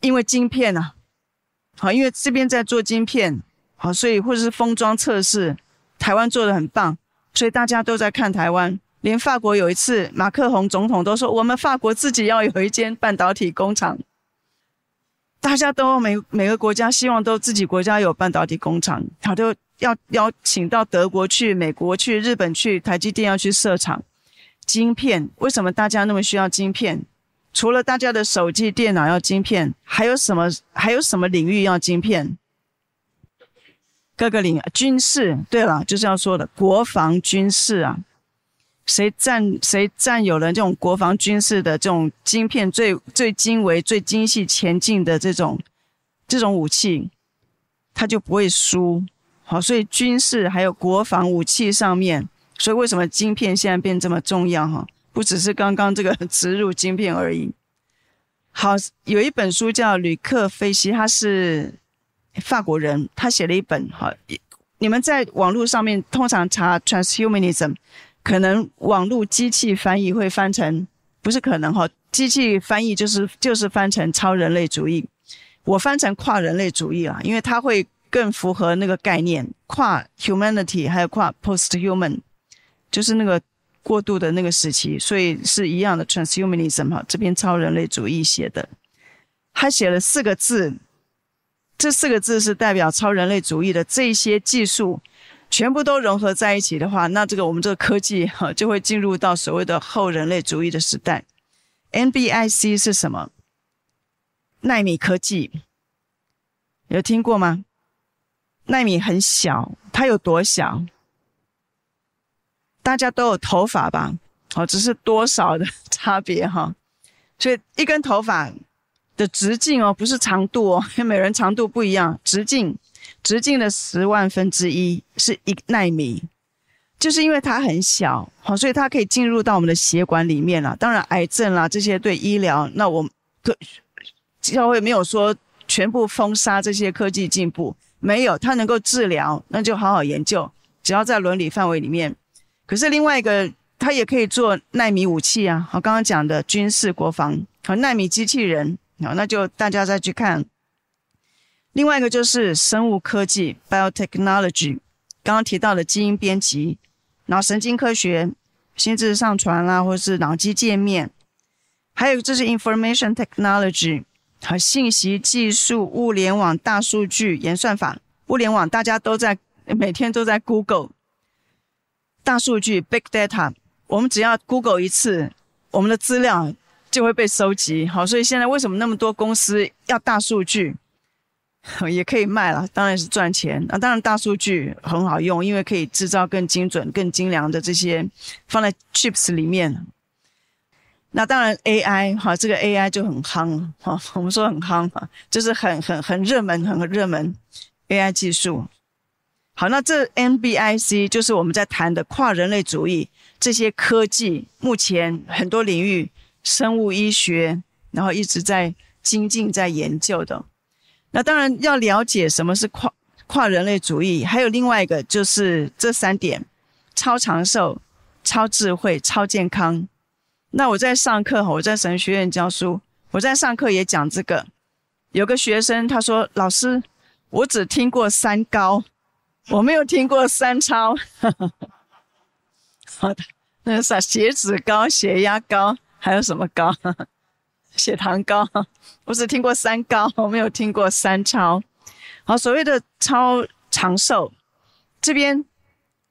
因為晶片呢、啊，好、哦，因為這邊在做晶片，好、哦，所以或者是封裝測試，台灣做得很棒。所以大家都在看台灣，連法國有一次，馬克宏總統都說，我們法國自己要有一間半導體工廠。大家都每每個國家希望都自己國家有半導體工廠，他都要邀請到德國去、美國去、日本去、台積電要去設廠。晶片，為什麼大家那麼需要晶片？除了大家的手機、電腦要晶片，還有什麼？還有什麼領域要晶片？各個領域，軍事。對了，就是要說的國防軍事啊，誰佔誰佔有了這種國防軍事的這種晶片、最最精微、最精細、前進的這種這種武器，他就不會輸。好，所以軍事還有國防武器上面，所以為什麼晶片現在變這麼重要啊？哈，不只是剛剛這個植入晶片而已。好，有一本書叫呂克·費希，它是。法國人他寫了一本哈，你們在網絡上面通常查 transhumanism，可能網絡機器翻譯會翻成不是可能哈，機器翻譯就是就是翻成超人類主義，我翻成跨人類主義啊，因為它會更符合那個概念，跨 humanity 還有跨 posthuman，就是那個過渡的那個時期，所以是一樣的 transhumanism 哈，trans ism, 這邊超人類主義寫的，他寫了四個字。這四個字是代表超人類主義的，這一些技術全部都融合在一起的話，那這個我們這個科技哈、啊、就會進入到所謂的後人類主義的時代。N B I C 是什麼？奈米科技有聽過嗎？奈米很小，它有多小？大家都有頭髮吧？哦，只是多少的差別哈、啊。所以一根頭髮。的直徑哦，不是長度哦，每人長度不一樣。直徑，直徑的十萬分之一是一納米，就是因為它很小，好、哦，所以它可以進入到我們的血管裡面了、啊。當然，癌症啦、啊、這些對醫療，那我們教會沒有說全部封殺這些科技進步，沒有，它能夠治療，那就好好研究，只要在倫理範圍裡面。可是另外一個，它也可以做納米武器啊，我、哦、剛剛講的軍事國防和納、哦、米機器人。好，那就大家再去看。另外一個就是生物科技 （biotechnology），剛剛提到了基因編輯，然後神經科學，心智上傳啦、啊，或者是腦機界面。還有就是 information technology，和信息技術、物聯網、大數據、演算法、物聯網，大家都在每天都在 Google。大數據 （big data），我們只要 Google 一次，我們的資料。就會被收集，好，所以現在為什麼那麼多公司要大數據，也可以賣了，當然是賺錢。那當然大數據很好用，因為可以製造更精準、更精良的這些放在 chips 裡面。那當然 AI，哈，這個 AI 就很夯，哈，我們說很夯，就是很、很、很熱門、很熱門 AI 技術。好，那這 NBIC 就是我們在談的跨人類主義，這些科技目前很多領域。生物醫學，然後一直在精進，在研究的。那當然要了解什麼是跨跨人類主義，還有另外一個就是這三點：超長壽、超智慧、超健康。那我在上課，我在神學院教書，我在上課也講這個。有個學生他說：“老師，我只聽過三高，我沒有聽過三超。 <laughs> ”好的，那個啥，血脂高、血壓高。還有什麼高？血糖高，我只聽過三高，我沒有聽過三超。好，所謂的超長壽，這邊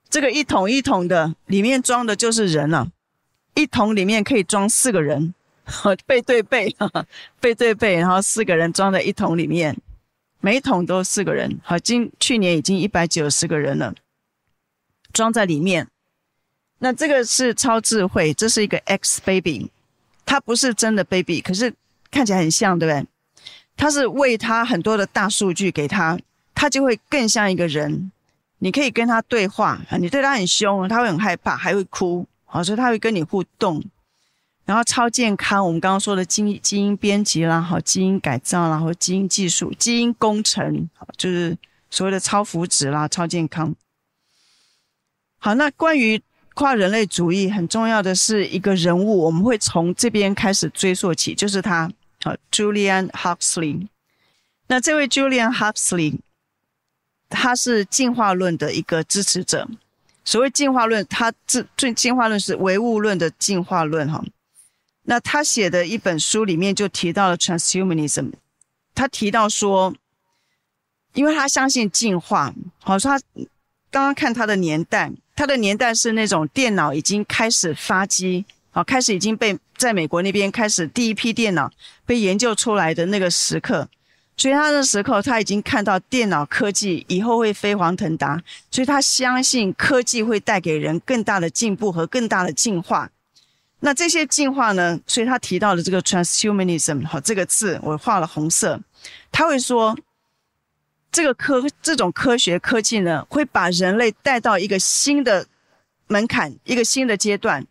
這個一桶一桶的，裡面裝的就是人了、啊。一桶裡面可以裝四個人，背對背，背對背，然後四個人裝在一桶裡面，每桶都四個人。好，今去年已經一百九十個人了，裝在裡面。那這個是超智慧，這是一個 X baby。他不是真的 baby，可是看起來很像，對不對？他是餵他很多的大數據給他，他就會更像一個人。你可以跟他對話啊，你對他很凶，他會很害怕，還會哭，好，哦，所以他會跟你互動。然後超健康，我們剛剛說的基因基因編輯啦，好，基因改造啦，和基因技術、基因工程，就是所謂的超福祉啦，超健康。好，那關於。跨人類主義很重要的是一個人物，我們會從這邊開始追溯起，就是他，啊，Julian Huxley。那這位 Julian Huxley，他是進化論的一個支持者。所謂進化論，他這最進化論是唯物論的進化論哈。那他寫的一本書裡面就提到了 transhumanism，他提到說，因為他相信進化，好，說他剛剛看他的年代。他的年代是那種電腦已經開始發跡，啊，開始已經被在美國那邊開始第一批電腦被研究出來的那個時刻，所以他的時刻他已經看到電腦科技以後會飛黃騰達，所以他相信科技會帶給人更大的進步和更大的進化。那這些進化呢？所以他提到的這個 transhumanism，這個字我畫了紅色，他會說。這個科這種科學科技呢，會把人類帶到一個新的門檻，一個新的階段。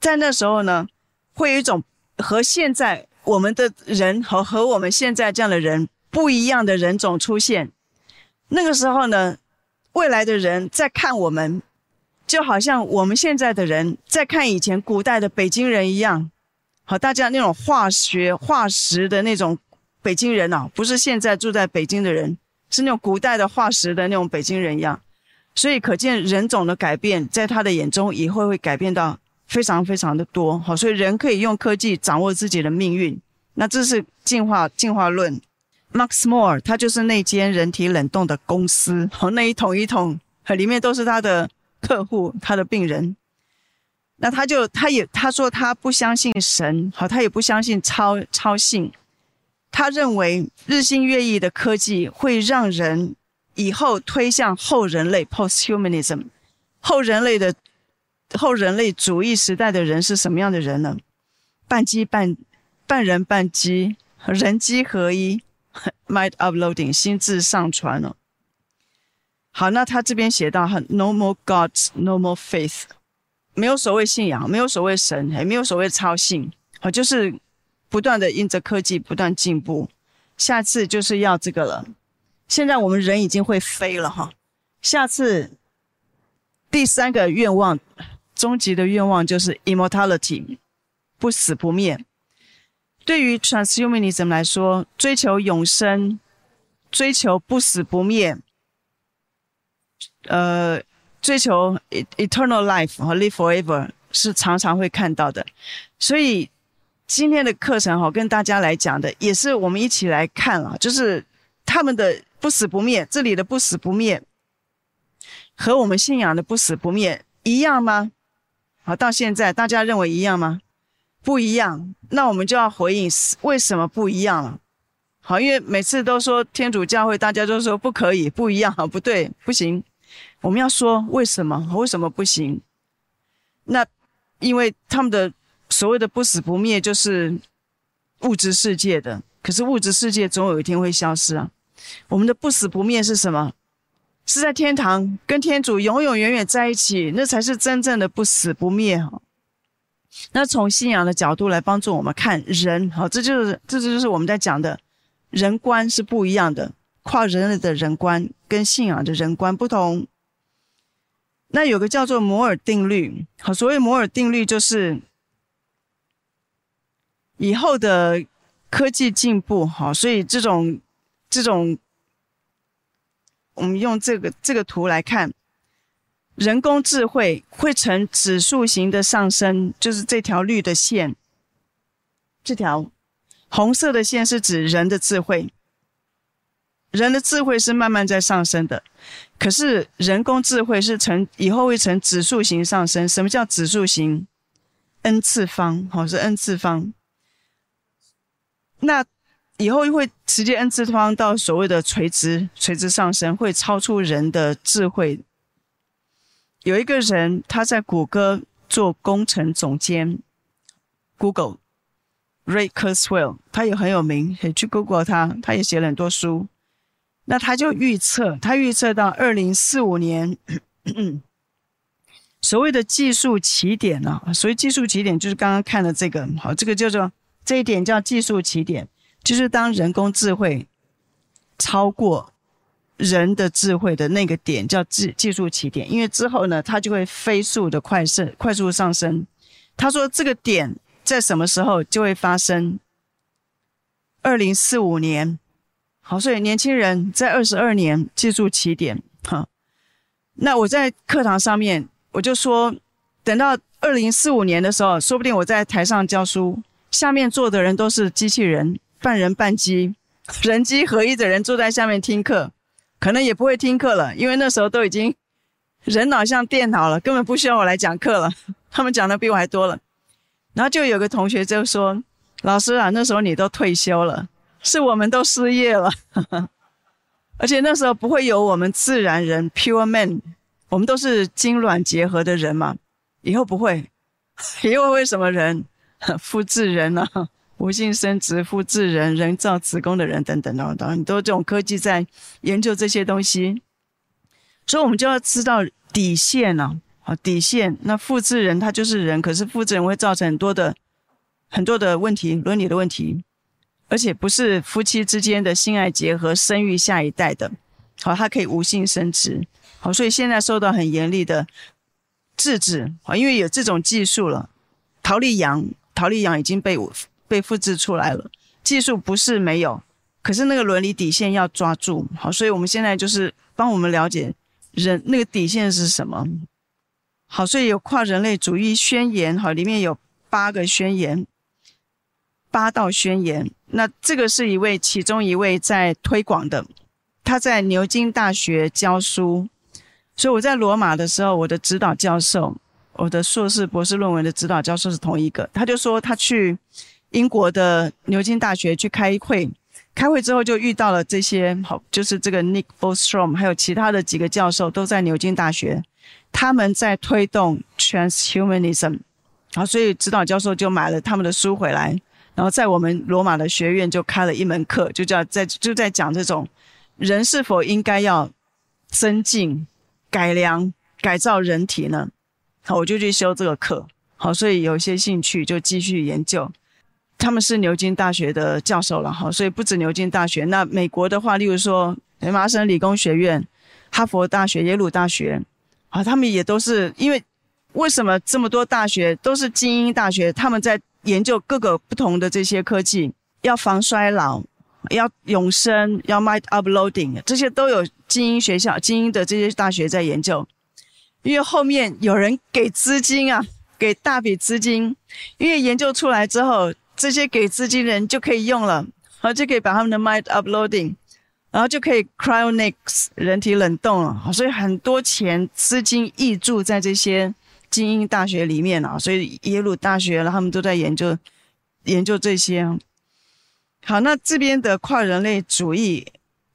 在那時候呢，會有一種和現在我們的人和和我們現在這樣的人不一樣的人種出現。那個時候呢，未來的人在看我們，就好像我們現在的人在看以前古代的北京人一樣，和大家那種化學化石的那種北京人吶、啊，不是現在住在北京的人。是那種古代的化石的那種北京人一樣，所以可見人種的改變，在他的眼中也會會改變到非常非常的多哈。所以人可以用科技掌握自己的命運，那這是進化進化論。Max Moore，他就是那間人體冷凍的公司，哈，那一桶一桶和裡面都是他的客戶，他的病人。那他就他也他說他不相信神，他也不相信超超性。他認為日新月異的科技會讓人以後推向後人類 （posthumanism）。Post ism, 後人類的後人類主義時代的人是什麼樣的人呢？半機半，半人半機，人機合一 <laughs> ，mind uploading，心智上傳哦。好，那他這邊寫到：no more gods，no more faith，沒有所謂信仰，沒有所謂神，也沒有所謂超性，好，就是。不斷地因着科技不斷進步，下次就是要這個了。現在我們人已經會飛了哈。下次第三個願望，終極的願望就是 immortality，不死不滅。對於 transhumanism 來說，追求永生，追求不死不滅，呃，追求 et-eternal life 和，哦、live forever 是常常會看到的，所以。今天的課程哈、哦，跟大家來講的也是我們一起來看啊，就是他們的不死不滅，這裡的不死不滅和我們信仰的不死不滅一樣嗎？好，到現在大家認為一樣嗎？不一樣，那我們就要回應為什麼不一樣了。好，因為每次都說天主教會，大家都說不可以，不一樣啊，不對，不行，我們要說為什麼，為什麼不行？那因為他們的。所謂的不死不滅就是物質世界的，可是物質世界總有一天會消失啊！我們的不死不滅是什麼？是在天堂跟天主永永遠遠在一起，那才是真正的不死不滅啊！那從信仰的角度來幫助我們看人，好，這就是這就是我們在講的人觀是不一樣的，跨人類的的人觀跟信仰的人觀不同。那有個叫做摩爾定律，好，所謂摩爾定律就是。以後的科技進步，哈，所以這種這種，我們用這個這個圖來看，人工智慧會呈指數型的上升，就是這條綠的線。這條紅色的線是指人的智慧，人的智慧是慢慢在上升的，可是人工智慧是成，以後會呈指數型上升。什麼叫指數型？n 次方，哈，是 n 次方。那以後又會直接 N 次方到所謂的垂直垂直上升，會超出人的智慧。有一個人他在谷歌做工程總監，Google Ray Kurzweil，他也很有名，也去 Google 他，他也寫了很多書。那他就預測，他預測到二零四五年咳咳所謂的技術起點啊，所謂技術起點就是剛剛看的這個，好，這個叫做。這一點叫技術奇點，就是當人工智慧超過人的智慧的那個點叫技技術奇點，因為之後呢，它就會飛速的快速快速上升。他說這個點在什麼時候就會發生？二零四五年。好，所以年輕人再二十二年技術奇點哈。那我在課堂上面我就說，等到二零四五年的時候，說不定我在台上教書。下面坐的人都是機器人，半人半機，人機合一的人坐在下面聽課，可能也不會聽課了，因為那時候都已經人腦像電腦了，根本不需要我來講課了。他們講的比我還多了。然後就有個同學就說：“老師啊，那時候你都退休了，是我們都失業了， <laughs> 而且那時候不會有我們自然人 pure man，我們都是精卵結合的人嘛，以後不會，以後會什麼人？”複製人呢、啊？無性生殖、複製人、人造子宮的人等等等、啊、等，很多這種科技在研究這些東西，所以我們就要知道底線吶、啊、底線，那複製人他就是人，可是複製人會造成很多的很多的問題，倫理的問題，而且不是夫妻之間的性愛結合生育下一代的。好，他可以無性生殖。好，所以現在受到很嚴厲的制止。好，因為有這種技術了、啊，桃莉羊。桃莉羊已經被我被複製出來了，技術不是沒有，可是那個倫理底線要抓住。好，所以我們現在就是幫我們了解人，那個底線是什麼。好，所以有跨人類主義宣言好，裡面有八個宣言，八道宣言，那這個是一位，其中一位在推廣的，他在牛津大學教書，所以我在羅馬的時候，我的指導教授，我的碩士、博士論文的指導教授是同一個，他就說他去英國的牛津大學去開會，開會之後就遇到了這些，好，就是這個 Nick Bostrom 還有其他的幾個教授都在牛津大學，他們在推動 transhumanism，然後所以指導教授就買了他們的書回來，然後在我們羅馬的學院就開了一門課，就叫在就在講這種人是否應該要增進、改良、改造人體呢？好，我就去修這個課。好，所以有些興趣就繼續研究。他們是牛津大學的教授了。好，所以不止牛津大學，那美國的話，例如說麻省理工學院、哈佛大學、耶魯大學，啊，他們也都是，因為為什麼這麼多大學都是精英大學？他們在研究各個不同的這些科技，要防衰老，要永生，要 mind uploading，這些都有精英學校、精英的這些大學在研究。因為後面有人給資金啊，給大筆資金，因為研究出來之後，這些給資金人就可以用了，然後就可以把他們的 mind uploading，然後就可以 cryonics 人體冷凍了，所以很多錢資金溢注在這些精英大學裡面啊，所以耶魯大學了，他們都在研究研究這些。好，那這邊的跨人類主義。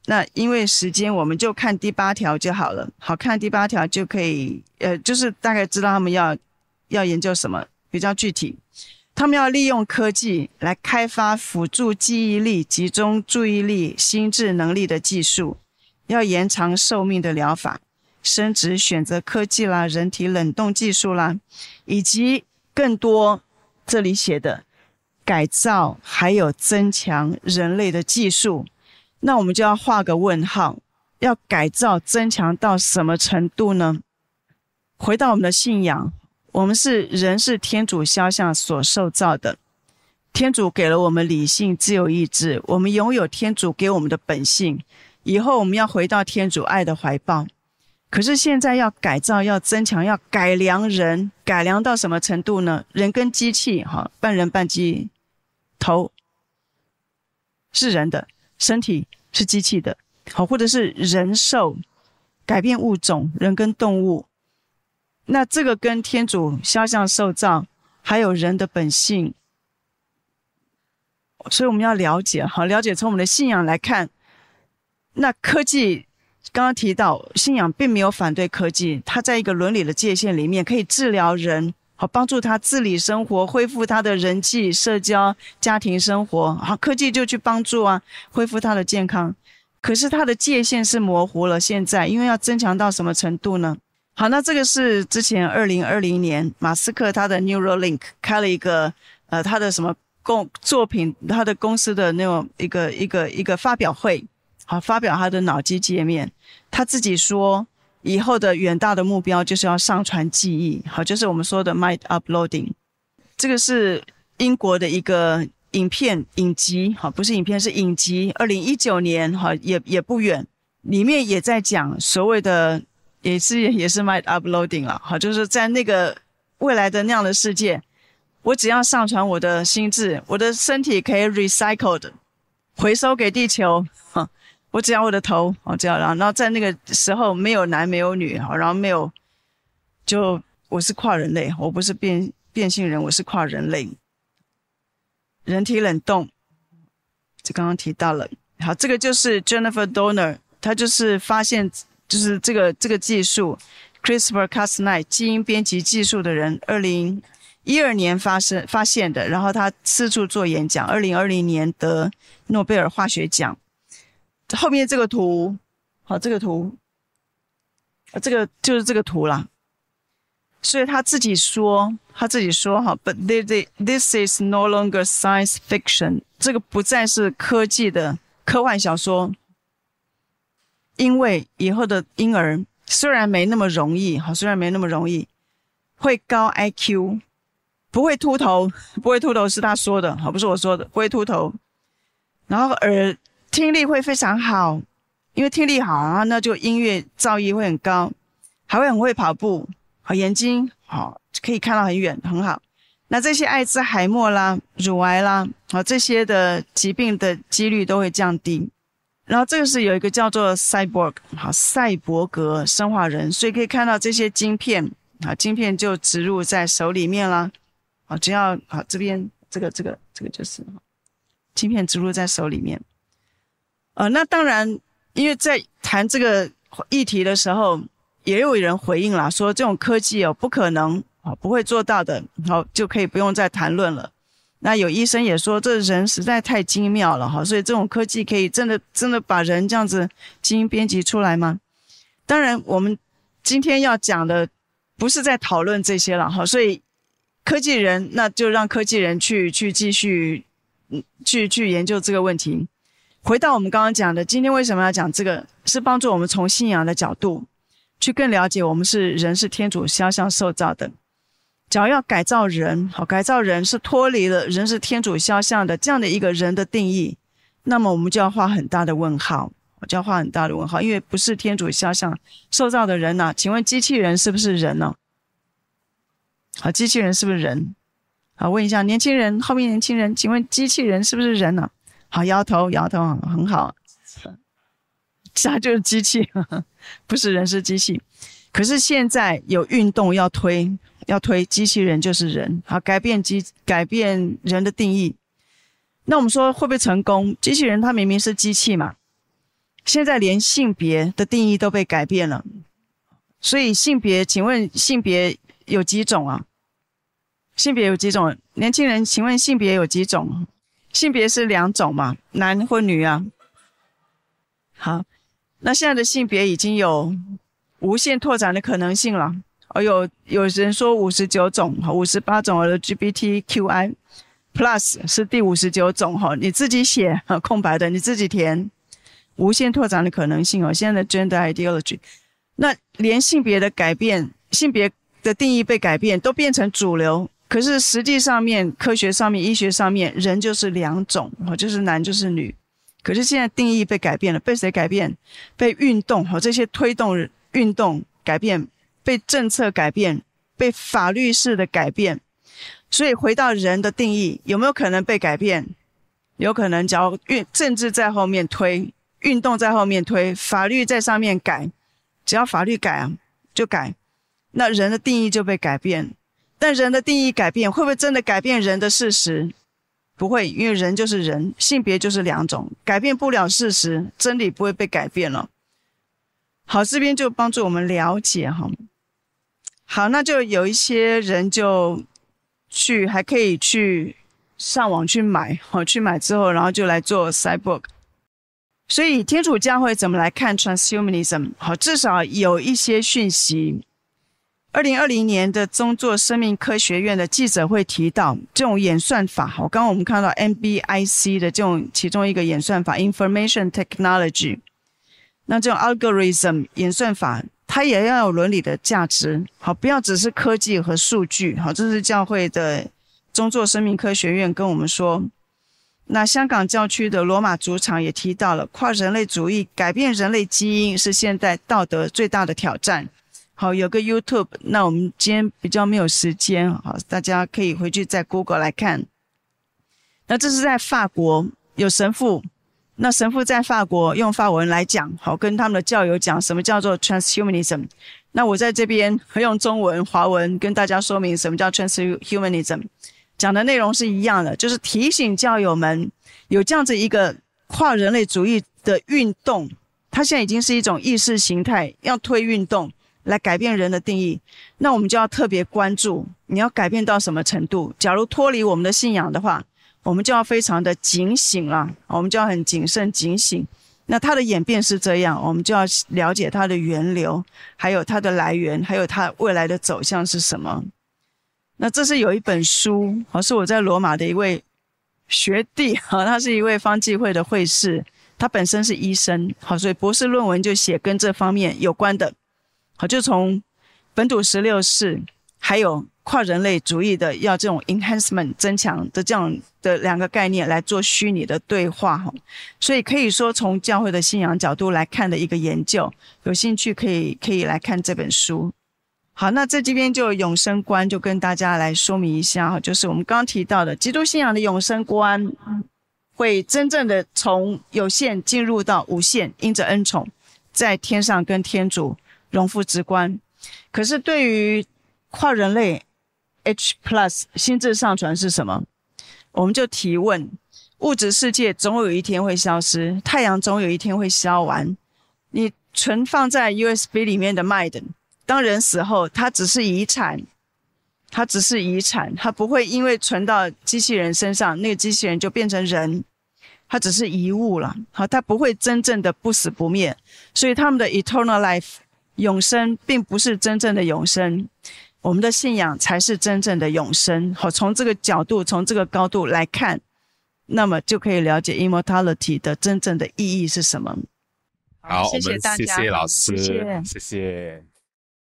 那因為時間，我們就看第八條就好了。好，看第八條就可以，呃，就是大概知道他們要，要研究什麼比較具體。他們要利用科技來開發輔助記憶力、集中注意力、心智能力的技術，要延長壽命的療法、生殖選擇科技啦、人體冷凍技術啦，以及更多這裡寫的改造還有增強人類的技術。那我們就要畫個問號，要改造、增強到什麼程度呢？回到我們的信仰，我們是人，是天主肖像所受造的。天主給了我們理性、自由意志，我們擁有天主給我們的本性。以後我們要回到天主愛的懷抱，可是現在要改造、要增強、要改良人，改良到什麼程度呢？人跟機器，哈，半人半機，頭是人的。身體是機器的，好，或者是人獸改變物種，人跟動物，那這個跟天主肖像受造，還有人的本性，所以我們要了解，好，了解從我們的信仰來看，那科技剛剛提到，信仰並沒有反對科技，它在一個倫理的界限裡面可以治療人。好，幫助他自理生活，恢復他的人際、社交、家庭生活。好，科技就去幫助啊，恢復他的健康。可是他的界限是模糊了。現在，因為要增強到什麼程度呢？好，那這個是之前二零二零年馬斯克他的 Neuralink 開了一個，呃，他的什麼共作品，他的公司的那種一個一個一個發表會。好，發表他的腦機界面。他自己說。以後的遠大的目標就是要上傳記憶，好，就是我們說的 mind uploading。這個是英國的一個影片影集，好，不是影片是影集，二零一九年，哈，也也不遠，裡面也在講所謂的也是也是 mind uploading 了，哈，就是在那個未來的那樣的世界，我只要上傳我的心智，我的身體可以 recycled 回收給地球，哈。我只要我的頭，好，這樣，然後，然後在那個時候沒有男沒有女，好，然後沒有，就我是跨人類，我不是變變性人，我是跨人類。人體冷凍，這剛剛提到了，好，這個就是 Jennifer Doudna，她就是發現就是這個這個技術 CRISPR-Cas9 基因編輯技術的人，二零一二年發生發現的，然後她四處做演講，二零二零年得諾貝爾化學獎。後面這個圖，好，這個圖，啊，這個就是這個圖啦。所以他自己說，他自己說，哈，But this this is no longer science fiction，這個不再是科技的科幻小說。因為以後的嬰兒雖然沒那麼容易，哈，雖然沒那麼容易，會高 IQ，不會禿頭，不會禿頭是他說的，好，不是我說的，不會禿頭。然後呃。聽力會非常好，因為聽力好、啊，然後那就音樂造詣會很高，還會很會跑步，好、啊、眼睛好、啊、可以看到很遠，很好。那這些艾滋海默啦、乳癌啦，好、啊、這些的疾病的幾率都會降低。然後這個是有一個叫做 Cyborg、啊、賽博格，好賽博格生化人，所以可以看到這些晶片啊，晶片就植入在手裡面啦。好、啊、只要好、啊、這邊這個這個這個就是、啊，晶片植入在手裡面。呃，那當然，因為在談這個議題的時候，也有人回應啦，說這種科技哦，不可能啊，不會做到的，好，就可以不用再談論了。那有醫生也說，這人實在太精妙了哈，所以這種科技可以真的真的把人這樣子基因編輯出來嗎？當然，我們今天要講的不是在討論這些了哈，所以科技人那就讓科技人去去繼續嗯去去研究這個問題。回到我們剛剛講的，今天為什麼要講這個？是幫助我們從信仰的角度去更了解我們是人，是天主肖像受造的。只要要改造人，好，改造人是脫離了人是天主肖像的這樣的一個人的定義，那麼我們就要畫很大的問號，我就要畫很大的問號，因為不是天主肖像受造的人呢、啊？請問機器人是不是人呢、啊？好，機器人是不是人？好，問一下年輕人，後面年輕人，請問機器人是不是人呢、啊？好，搖頭，搖頭，很好。其他就是機器，呵呵，不是人，是機器。可是現在有運動要推，要推機器人就是人。好，改變機，改變人的定義。那我們說會不會成功？機器人它明明是機器嘛。現在連性別的定義都被改變了，所以性別，請問性別有幾種啊？性別有幾種？年輕人，請問性別有幾種？性別是兩種嘛，男或女啊。好，那現在的性別已經有無限拓展的可能性了。哦，有有人說五十九種、五十八種 LGBTQI Plus 是第五十九種哈，你自己寫空白的，你自己填，無限拓展的可能性哦。現在的 Gender Ideology，那連性別的改變、性別的定義被改變，都變成主流。可是實際上面，科學上面、醫學上面，人就是兩種，哦，就是男就是女。可是現在定義被改變了，被誰改變？被運動和這些推動運動改變，被政策改變，被法律式的改變。所以回到人的定義，有沒有可能被改變？有可能，只要運政治在後面推，運動在後面推，法律在上面改，只要法律改啊，就改，那人的定義就被改變。但人的定義改變，會不會真的改變人的事實？不會，因為人就是人，性別就是兩種，改變不了事實，真理不會被改變了。好，這邊就幫助我們了解哈。好，那就有一些人就去，還可以去上網去買，好，去買之後，然後就來做 cyborg。所以天主教會怎麼來看 transhumanism？好，至少有一些訊息。二零二零年的宗座生命科學院的記者會提到，這種演算法，好，剛剛我們看到 NBIC 的這種其中一個演算法，information technology，那這種 algorithm 演算法，它也要有倫理的價值，好，不要只是科技和數據，好，這是教會的宗座生命科學院跟我們說。那香港教區的羅馬主場也提到了，跨人類主義改變人類基因是現代道德最大的挑戰。好，有個 YouTube，那我們今天比較沒有時間，好，大家可以回去再 Google 來看。那這是在法國有神父，那神父在法國用法文來講，好，跟他們的教友講什麼叫做 transhumanism。那我在這邊會用中文、華文跟大家說明什麼叫 transhumanism，講的內容是一樣的，就是提醒教友們有這樣子一個跨人類主義的運動，它現在已經是一種意識形態，要推運動。來改變人的定義，那我們就要特別關注，你要改變到什麼程度。假如脫離我們的信仰的話，我們就要非常的警醒了，我們就要很謹慎、警醒。那它的演變是這樣，我們就要了解它的源流，還有它的來源，還有它未來的走向是什麼。那這是有一本書，好，是我在羅馬的一位學弟，好，他是一位方濟會的會士，他本身是醫生，好，所以博士論文就寫跟這方面有關的。就從本篤十六世，還有跨人類主義的要這種 enhancement 增強的這樣的兩個概念來做虛擬的對話哈，所以可以說從教會的信仰角度來看的一個研究，有興趣可以可以來看這本書。好，那在這幾邊就永生觀就跟大家來說明一下哈，就是我們剛剛提到的基督信仰的永生觀，會真正的從有限進入到無限，因着恩寵，在天上跟天主。容易直觀。可是對於跨人類 H plus 心智上傳是什麼？我們就提問：物質世界總有一天會消失，太陽總有一天會消完。你存放在 USB 裡面的 MIND，當人死後，它只是遺產，它只是遺產，它不會因為存到機器人身上，那個機器人就變成人，它只是遺物了。好，它不會真正的不死不滅，所以他們的 eternal life。永生並不是真正的永生，我們的信仰才是真正的永生。好，從這個角度，從這個高度來看，那麼就可以了解 “immortality” 的真正的意義是什麼？
好，謝謝大家，謝謝老師，謝謝。
謝謝。